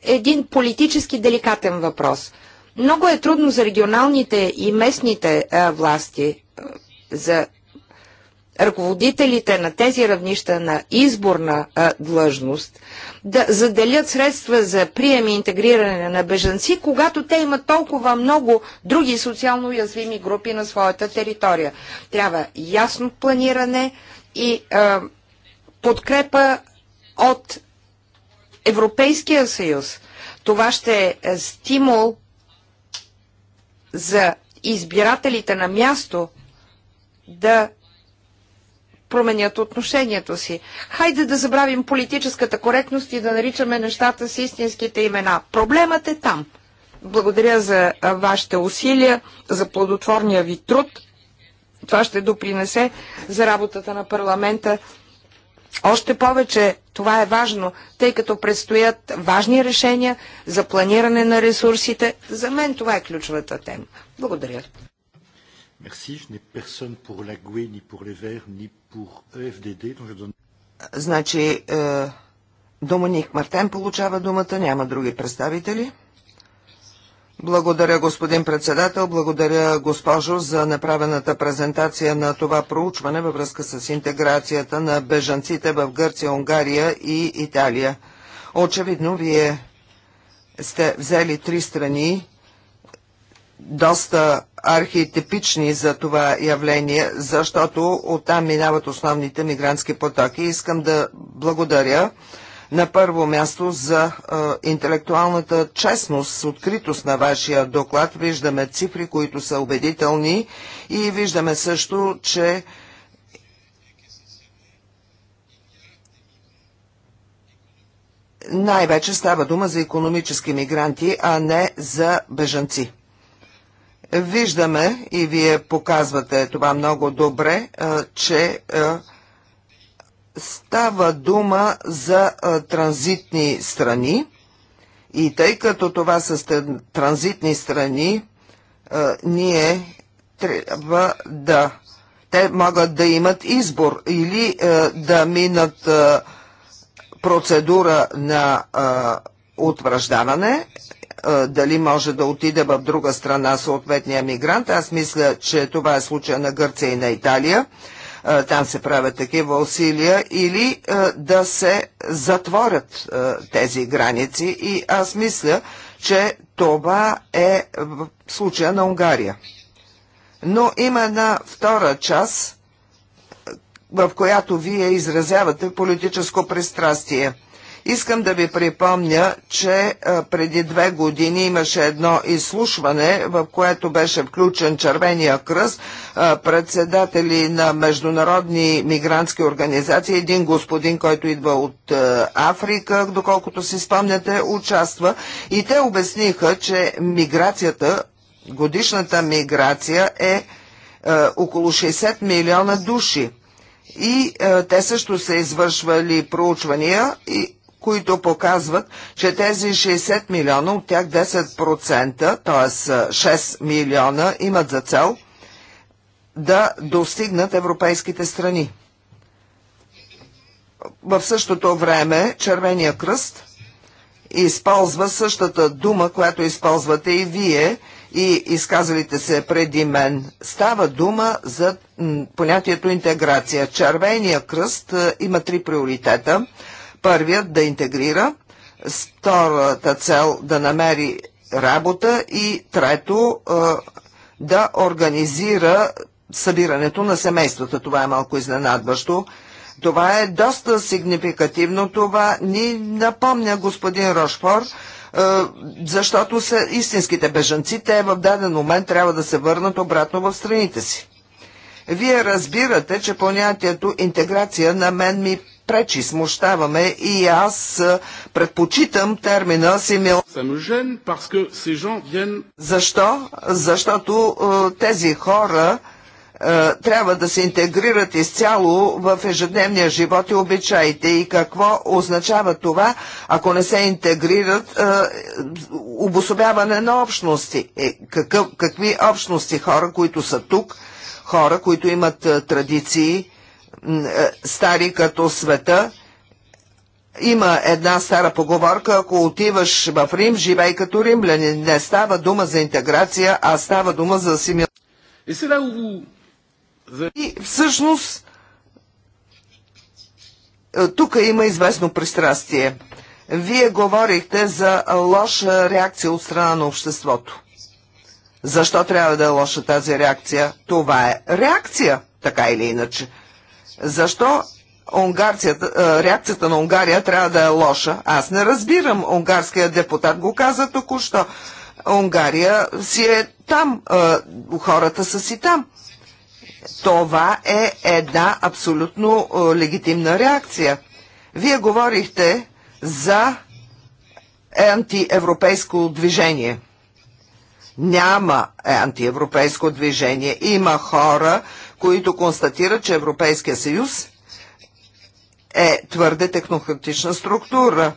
Speaker 3: един политически деликатен въпрос – много е трудно за регионалните и местните а, власти, а, за ръководителите на тези равнища на изборна а, длъжност да заделят средства за прием и интегриране на бежанци, когато те имат толкова много други социално уязвими групи на своята територия. Трябва ясно планиране и а, подкрепа от Европейския съюз. Това ще е стимул за избирателите на място да променят отношението си. Хайде да забравим политическата коректност и да наричаме нещата с истинските имена. Проблемът е там. Благодаря за вашите усилия, за плодотворния ви труд. Това ще допринесе за работата на парламента още повече това е важно, тъй като предстоят важни решения за планиране на ресурсите. За мен това е ключовата тема. Благодаря.
Speaker 1: Merci. Je n'ai personne pour la GUE, ni pour les Verts, ni pour EFDD. Donc je donne...
Speaker 4: Значи, е, Доминик Мартен получава думата, няма други представители. Благодаря, господин председател. Благодаря, госпожо, за направената презентация на това проучване във връзка с интеграцията на бежанците в Гърция, Унгария и Италия. Очевидно, вие сте взели три страни, доста архетипични за това явление, защото оттам минават основните мигрантски потоки. Искам да благодаря на първо място за а, е, интелектуалната честност, откритост на вашия доклад виждаме цифри, които са убедителни и виждаме също, че най-вече става дума за економически мигранти, а не за бежанци. Виждаме, и вие показвате това много добре, е, че е, става дума за а, транзитни страни и тъй като това са транзитни страни, а, ние трябва да. Те могат да имат избор или а, да минат а, процедура на а, утвърждаване, а, дали може да отиде в друга страна съответния мигрант. Аз мисля, че това е случая на Гърция и на Италия там се правят такива усилия, или да се затворят тези граници. И аз мисля, че това е в случая на Унгария. Но има една втора част, в която вие изразявате политическо пристрастие – Искам да ви припомня, че преди две години имаше едно изслушване, в което беше включен Червения кръст, председатели на международни мигрантски организации, един господин, който идва от Африка, доколкото си спомняте, участва и те обясниха, че миграцията, годишната миграция е около 60 милиона души. И е, те също са извършвали проучвания и които показват, че тези 60 милиона, от тях 10%, т.е. 6 милиона, имат за цел да достигнат европейските страни. В същото време Червения кръст използва същата дума, която използвате и вие и изказалите се преди мен. Става дума за понятието интеграция. Червения кръст има три приоритета – Първият да интегрира, втората цел да намери работа и трето да организира събирането на семействата. Това е малко изненадващо. Това е доста сигнификативно. Това ни напомня господин Рошфор, защото са истинските бежанци. Те в даден момент трябва да се върнат обратно в страните си. Вие разбирате, че понятието интеграция на мен ми пречи, смущаваме и аз предпочитам термина семил. Защо? Защото тези хора трябва да се интегрират изцяло в ежедневния живот и обичаите и какво означава това, ако не се интегрират е, обособяване на общности. Е, какъв, какви общности? Хора, които са тук, хора, които имат традиции, е, стари като света. Има една стара поговорка, ако отиваш в Рим, живей като римляни. Не става дума за интеграция, а става дума за асимилация. И всъщност е, тук има известно пристрастие. Вие говорихте за лоша реакция от страна на обществото. Защо трябва да е лоша тази реакция? Това е реакция, така или иначе. Защо реакцията на Унгария трябва да е лоша? Аз не разбирам. Унгарският депутат го каза току-що. Унгария си е там. Хората са си там. Това е една абсолютно легитимна реакция. Вие говорихте за антиевропейско движение. Няма антиевропейско движение. Има хора, които констатират, че Европейския съюз е твърде технократична структура.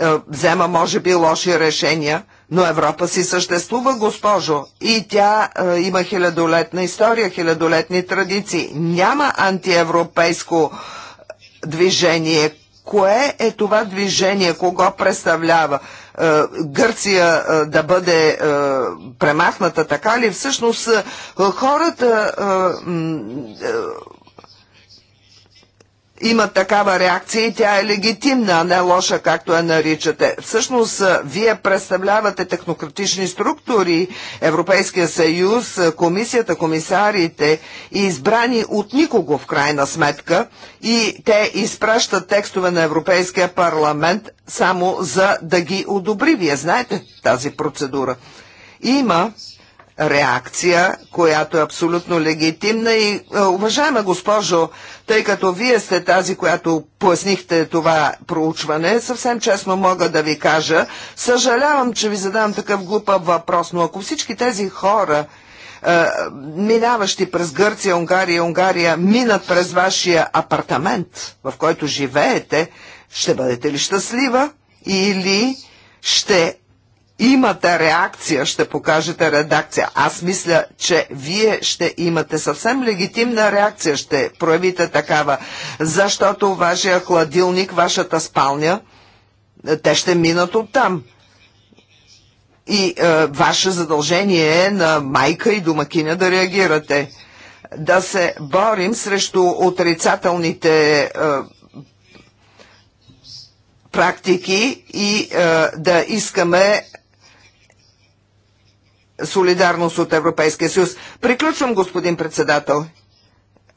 Speaker 4: Е, взема, може би, лоши решения, но Европа си съществува, госпожо, и тя е, има хилядолетна история, хилядолетни традиции. Няма антиевропейско е, движение. Кое е това движение? Кого представлява? Е, Гърция е, да бъде е, премахната така ли? Всъщност хората има такава реакция и тя е легитимна, а не лоша, както я наричате. Всъщност, вие представлявате технократични структури, Европейския съюз, комисията, комисарите, избрани от никого в крайна сметка и те изпращат текстове на Европейския парламент само за да ги одобри. Вие знаете тази процедура. Има реакция, която е абсолютно легитимна и е, уважаема госпожо, тъй като вие сте тази, която пояснихте това проучване, съвсем честно мога да ви кажа, съжалявам, че ви задавам такъв глупав въпрос, но ако всички тези хора е, минаващи през Гърция, Унгария и Унгария, минат през вашия апартамент, в който живеете, ще бъдете ли щастлива или ще имате реакция, ще покажете редакция. Аз мисля, че вие ще имате съвсем легитимна реакция, ще проявите такава, защото вашия хладилник, вашата спалня, те ще минат оттам. И е, ваше задължение е на майка и домакиня да реагирате. Да се борим срещу отрицателните е, практики и е, да искаме солидарност от Европейския съюз. Приключвам, господин председател.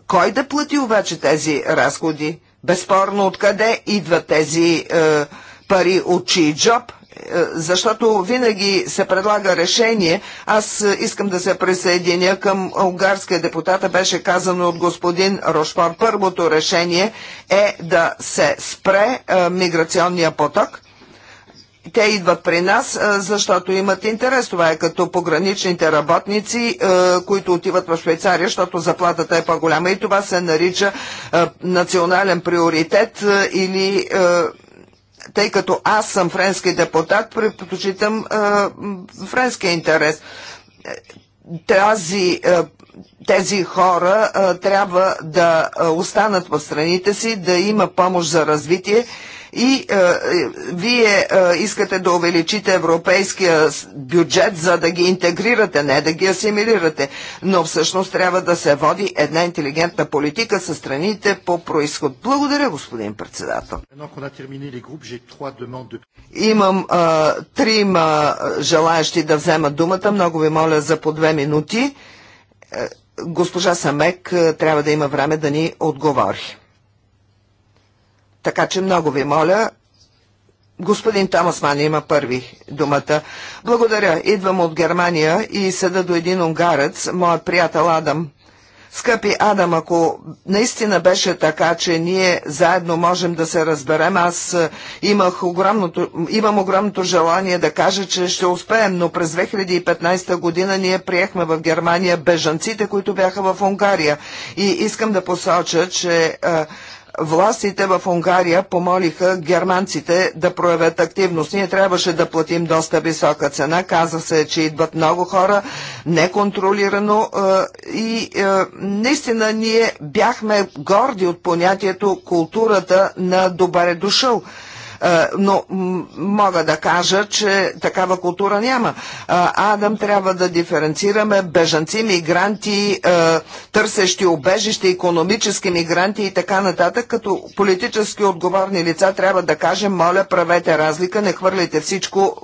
Speaker 4: Кой да плати обаче тези разходи? Безспорно, откъде идват тези е, пари от чий джоб? Е, защото винаги се предлага решение. Аз е, искам да се присъединя към унгарския депутата. Беше казано от господин Рошпор. Първото решение е да се спре е, миграционния поток те идват при нас, защото имат интерес. Това е като пограничните работници, които отиват в Швейцария, защото заплатата е по-голяма и това се нарича национален приоритет или тъй като аз съм френски депутат, предпочитам френския интерес. Тази тези хора а, трябва да останат в страните си, да има помощ за развитие и е, е, вие е, искате да увеличите европейския бюджет, за да ги интегрирате, не да ги асимилирате. Но всъщност трябва да се води една интелигентна политика със страните по происход. Благодаря, господин председател. Имам е, трима е, желаящи да вземат думата. Много ви моля за по две минути. Е, госпожа Самек трябва да има време да ни отговори. Така че много ви моля, Господин Мани има първи думата. Благодаря. Идвам от Германия и седа до един унгарец, моят приятел Адам. Скъпи Адам, ако наистина беше така, че ние заедно можем да се разберем, аз е, имах огромното, имам огромното желание да кажа, че ще успеем, но през 2015 година ние приехме в Германия бежанците, които бяха в Унгария. И искам да посоча, че а, е, властите в Унгария помолиха германците да проявят активност. Ние трябваше да платим доста висока цена. Каза се, че идват много хора, неконтролирано е, и е, наистина ние бяхме горди от понятието културата на добре дошъл. Е, но мога да кажа, че такава култура няма. Е, Адам трябва да диференцираме бежанци, мигранти, е, търсещи обежище, економически мигранти и така нататък, като политически отговорни лица трябва да кажем, моля, правете разлика, не хвърляйте всичко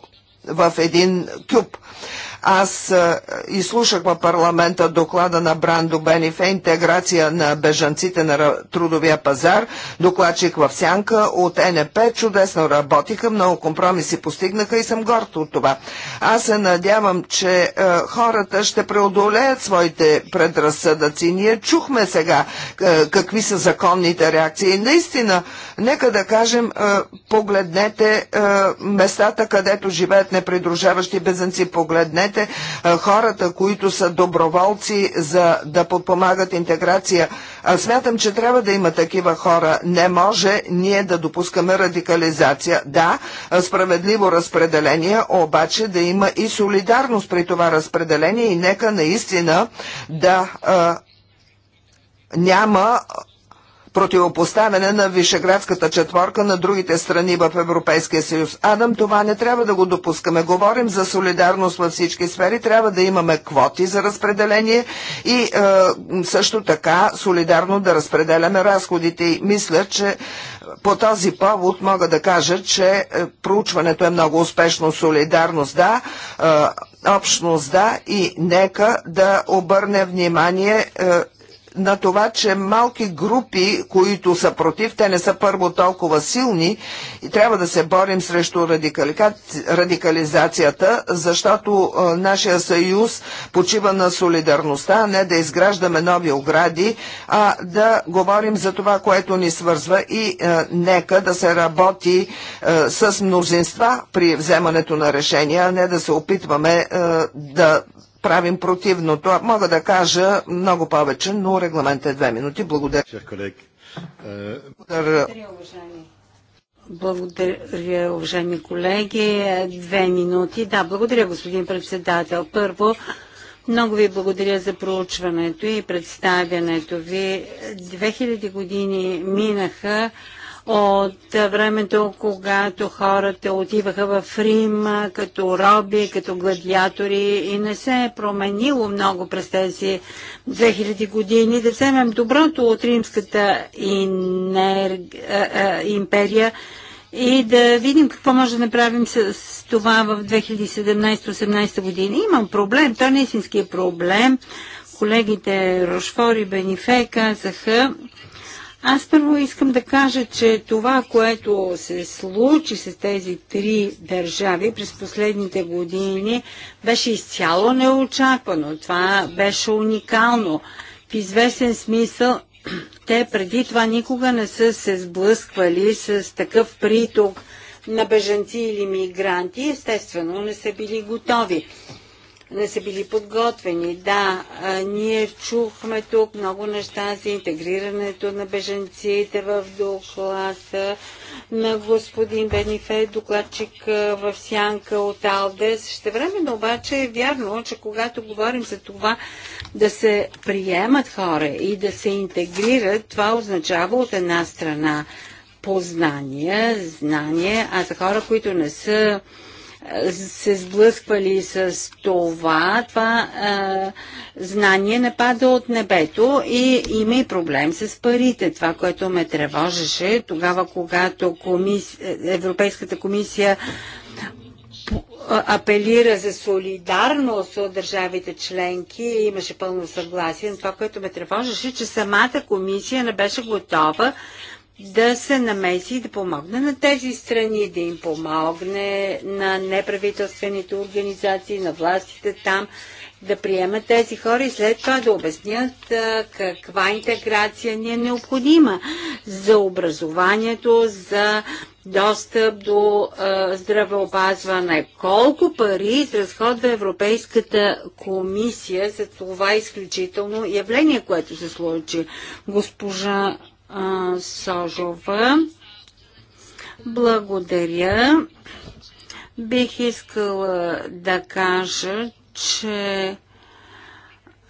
Speaker 4: в един кюб. Аз е, изслушах в парламента доклада на Брандо Бенифе «Интеграция на бежанците на трудовия пазар». Докладчик в Сянка от НП чудесно работиха, много компромиси постигнаха и съм горд от това. Аз се надявам, че е, хората ще преодолеят своите предразсъдъци. Ние чухме сега е, какви са законните реакции. Наистина, нека да кажем, е, погледнете е, местата, където живеят непридружаващи бежанци, погледнете Помислете хората, които са доброволци за да подпомагат интеграция. Аз смятам, че трябва да има такива хора. Не може ние да допускаме радикализация. Да, справедливо разпределение, обаче да има и солидарност при това разпределение и нека наистина да а, няма противопоставяне на Вишеградската четворка на другите страни в Европейския съюз. Адам, това не трябва да го допускаме. Говорим за солидарност във всички сфери, трябва да имаме квоти за разпределение и е, също така солидарно да разпределяме разходите. И мисля, че по този повод мога да кажа, че е, проучването е много успешно. Солидарност да, е, общност да и нека да обърне внимание е, на това, че малки групи, които са против, те не са първо толкова силни и трябва да се борим срещу радикализацията, защото а, нашия съюз почива на солидарността, а не да изграждаме нови огради, а да говорим за това, което ни свързва и а, нека да се работи а, с мнозинства при вземането на решения, а не да се опитваме а, да правим противното. Мога да кажа много повече, но регламент е две минути. Благодаря. Благодаря,
Speaker 2: уважаеми. Благодаря, уважаеми колеги. Две минути. Да, благодаря, господин председател. Първо, много ви благодаря за проучването и представянето ви. 2000 години минаха от времето, когато хората отиваха в Рим като роби, като гладиатори и не се е променило много през тези 2000 години. Да вземем доброто от римската инер... империя и да видим какво може да направим с, това в 2017-18 години. Имам проблем, то не е истински проблем. Колегите Рошфор и Бенифей казаха, аз първо искам да кажа, че това, което се случи с тези три държави през последните години, беше изцяло неочаквано. Това беше уникално. В известен смисъл те преди това никога не са се сблъсквали с такъв приток на бежанци или мигранти. Естествено, не са били готови не са били подготвени. Да, ние чухме тук много неща за интегрирането на беженците в доклада на господин Бенифе, докладчик в Сянка от Алде. Същевременно обаче е вярно, че когато говорим за това да се приемат хора и да се интегрират, това означава от една страна познание, знание, а за хора, които не са се сблъсквали с това, това а, знание не пада от небето и има и проблем с парите. Това, което ме тревожеше тогава, когато комис... Европейската комисия апелира за солидарност от държавите членки и имаше пълно съгласие. на това, което ме тревожеше, че самата комисия не беше готова да се намеси и да помогне на тези страни, да им помогне на неправителствените организации, на властите там, да приемат тези хора и след това да обяснят а, каква интеграция ни е необходима за образованието, за достъп до а, здравеопазване. Колко пари изразходва Европейската комисия за това изключително явление, което се случи? Госпожа Сожова. Благодаря. Бих искала да кажа, че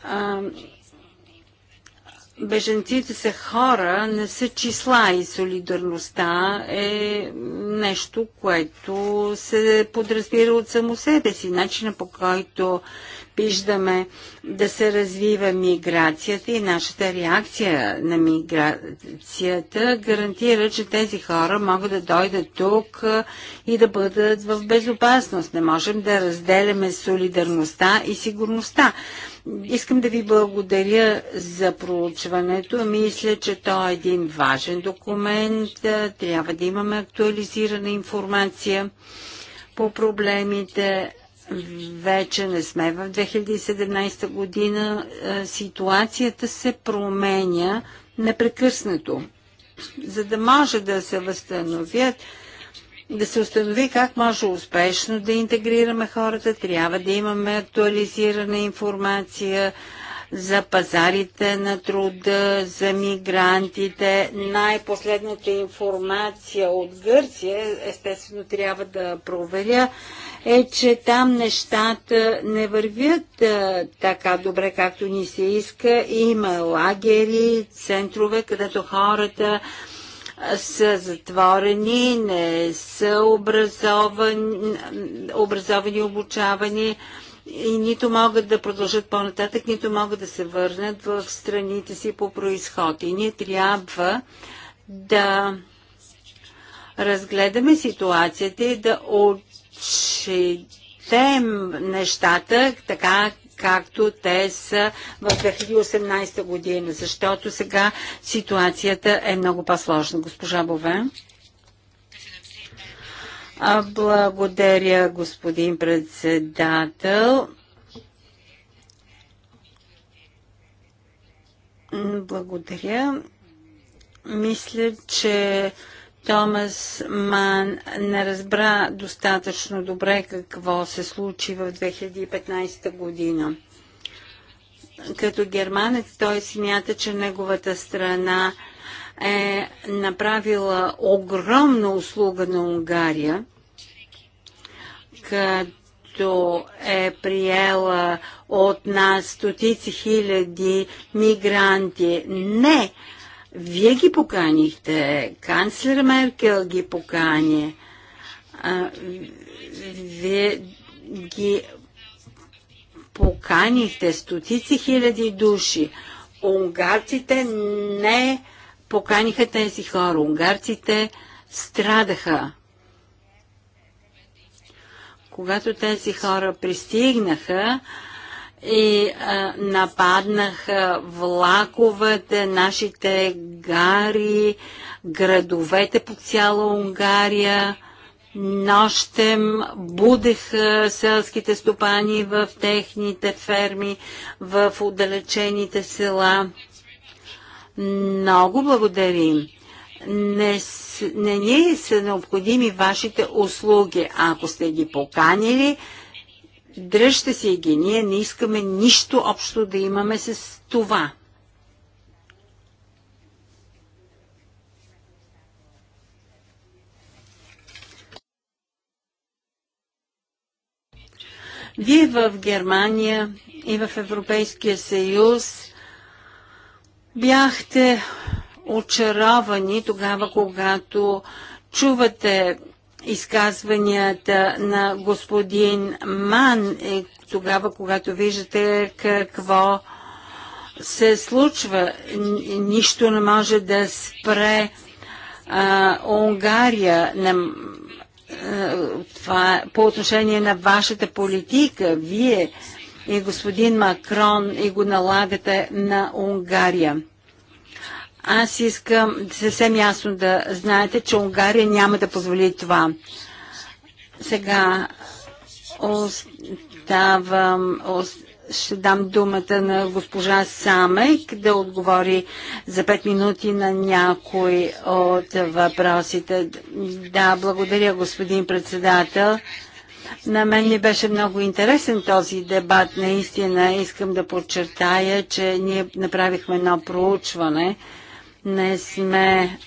Speaker 2: а, беженците са хора, не са числа и солидарността е нещо, което се подразбира от само себе си. Начина по който виждаме да се развива миграцията и нашата реакция на миграцията гарантира, че тези хора могат да дойдат тук и да бъдат в безопасност. Не можем да разделяме солидарността и сигурността. Искам да ви благодаря за проучването. Мисля, че то е един важен документ. Трябва да имаме актуализирана информация по проблемите вече не сме в 2017 година. Е, ситуацията се променя непрекъснато. За да може да се възстановят, да се установи как може успешно да интегрираме хората, трябва да имаме актуализирана информация, за пазарите на труда, за мигрантите. Най-последната информация от Гърция, естествено трябва да проверя, е, че там нещата не вървят а, така добре, както ни се иска. Има лагери, центрове, където хората са затворени, не са образовани, образовани обучавани и нито могат да продължат по-нататък, нито могат да се върнат в страните си по происход. И ние трябва да разгледаме ситуацията и да отчетем нещата така, както те са в 2018 година, защото сега ситуацията е много по-сложна. Госпожа Бове. Благодаря, господин председател. Благодаря. Мисля, че Томас Ман не разбра достатъчно добре какво се случи в 2015 година. Като германец той смята, че неговата страна е направила огромна услуга на Унгария, като е приела от нас стотици хиляди мигранти. Не! Вие ги поканихте, канцлер Меркел ги покани, а, вие ги поканихте стотици хиляди души. Унгарците не поканиха тези хора. Унгарците страдаха. Когато тези хора пристигнаха, и а, нападнаха влаковете, нашите гари, градовете по цяла Унгария. Нощем будеха селските стопани в техните ферми, в отдалечените села. Много благодарим. Не, не ни са необходими вашите услуги. Ако сте ги поканили, дръжте си ги. Ние не искаме нищо общо да имаме с това. Вие в Германия и в Европейския съюз бяхте очаровани тогава, когато чувате изказванията на господин Ман, и е тогава, когато виждате какво се случва. Нищо не може да спре а, Унгария на, а, това, е по отношение на вашата политика. Вие а, и господин Макрон и го налагате на Унгария. Аз искам съвсем ясно да знаете, че Унгария няма да позволи това. Сега оставам, ще дам думата на госпожа Самек да отговори за 5 минути на някой от въпросите. Да, благодаря, господин председател. На мен ми беше много интересен този дебат. Наистина искам да подчертая, че ние направихме едно проучване. Не сме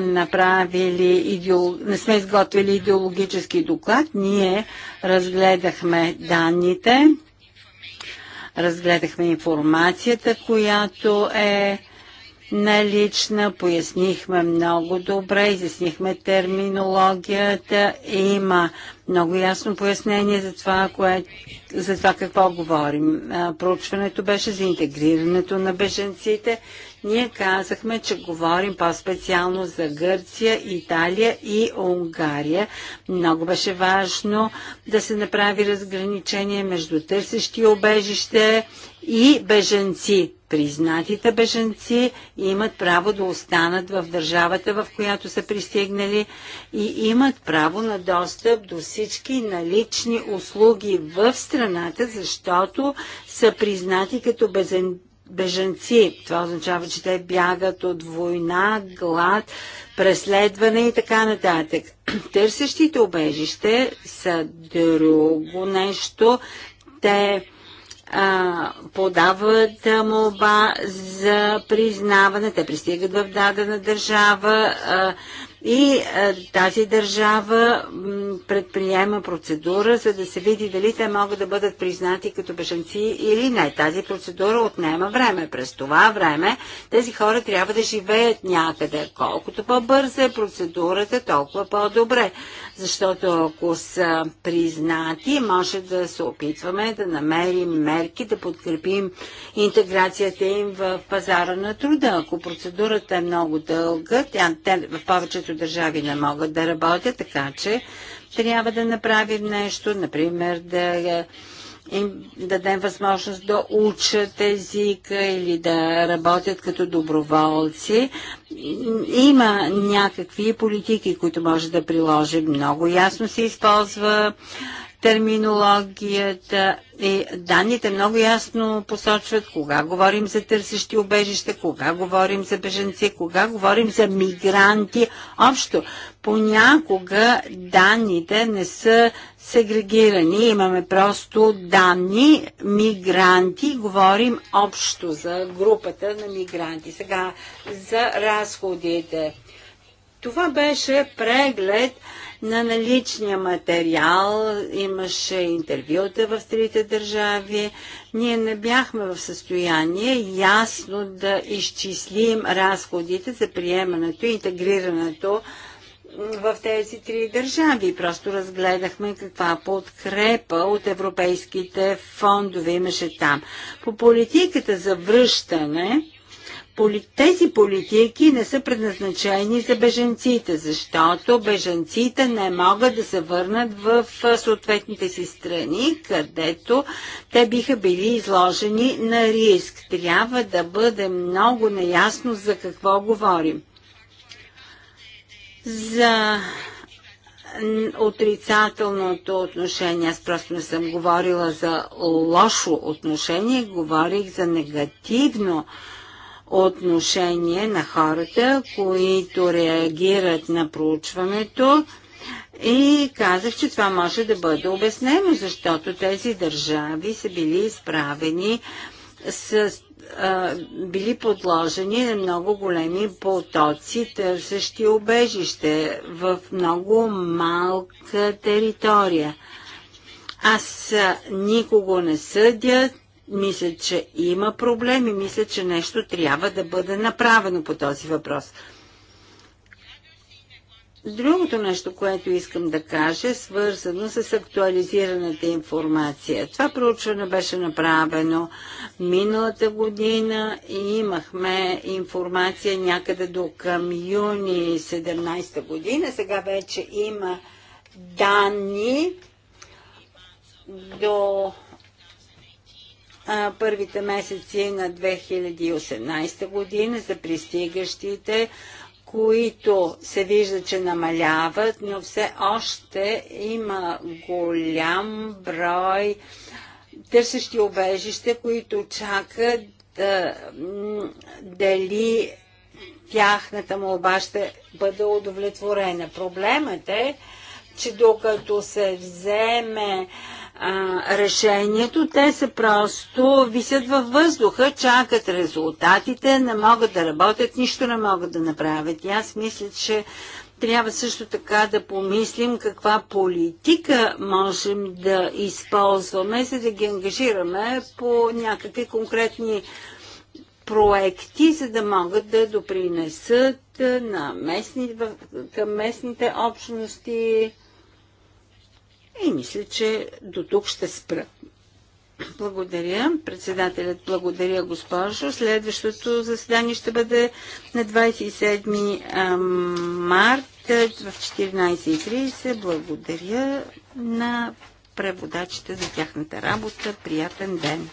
Speaker 2: направили не сме изготвили идеологически доклад. Ние разгледахме данните, разгледахме информацията, която е налична, пояснихме много добре, изяснихме терминологията, има много ясно пояснение за това, кое, за това какво говорим. Проучването беше за интегрирането на беженците ние казахме, че говорим по-специално за Гърция, Италия и Унгария. Много беше важно да се направи разграничение между търсещи обежище и беженци. Признатите беженци имат право да останат в държавата, в която са пристигнали и имат право на достъп до всички налични услуги в страната, защото са признати като бежанци. Това означава, че те бягат от война, глад, преследване и така нататък. Търсещите обежище са друго нещо. Те а, подават молба за признаване, те пристигат в дадена държава, а, и а, е, тази държава м, предприема процедура, за да се види дали те могат да бъдат признати като бежанци или не. Тази процедура отнема време. През това време тези хора трябва да живеят някъде. Колкото по-бърза е процедурата, толкова по-добре. Защото ако са признати, може да се опитваме да намерим мерки, да подкрепим интеграцията им в пазара на труда. Ако процедурата е много дълга, тя, те, в повечето повечето държави не могат да работят, така че трябва да направим нещо, например да е, им дадем възможност да учат езика или да работят като доброволци. Има някакви политики, които може да приложим. Много ясно се използва терминологията и е, данните много ясно посочват кога говорим за търсещи убежище, кога говорим за беженци, кога говорим за мигранти. Общо, понякога данните не са сегрегирани, имаме просто данни, мигранти, говорим общо за групата на мигранти. Сега за разходите. Това беше преглед на наличния материал. Имаше интервюта в трите държави. Ние не бяхме в състояние ясно да изчислим разходите за приемането и интегрирането в тези три държави. Просто разгледахме каква подкрепа от европейските фондове имаше там. По политиката за връщане, тези политики не са предназначени за беженците, защото беженците не могат да се върнат в съответните си страни, където те биха били изложени на риск. Трябва да бъде много наясно за какво говорим. За отрицателното отношение. Аз просто не съм говорила за лошо отношение, говорих за негативно отношение отношение на хората, които реагират на проучването и казах, че това може да бъде обяснено, защото тези държави са били изправени с били подложени на много големи потоци, търсещи убежище в много малка територия. Аз никого не съдят, мисля, че има проблем и мисля, че нещо трябва да бъде направено по този въпрос. Другото нещо, което искам да кажа, е свързано с актуализираната информация. Това проучване беше направено миналата година и имахме информация някъде до към юни 17 година. Сега вече има данни до а, първите месеци на 2018 година за пристигащите, които се вижда, че намаляват, но все още има голям брой търсещи обежище, които чакат да, дали тяхната му ще бъде удовлетворена. Проблемът е, че докато се вземе решението, те са просто висят във въздуха, чакат резултатите, не могат да работят, нищо не могат да направят. И аз мисля, че трябва също така да помислим каква политика можем да използваме, за да ги ангажираме по някакви конкретни проекти, за да могат да допринесат на местни, към местните общности, и мисля, че до тук ще спра. Благодаря. Председателят благодаря, госпожо. Следващото заседание ще бъде на 27 март в 14.30. Благодаря на преводачите за тяхната работа. Приятен ден!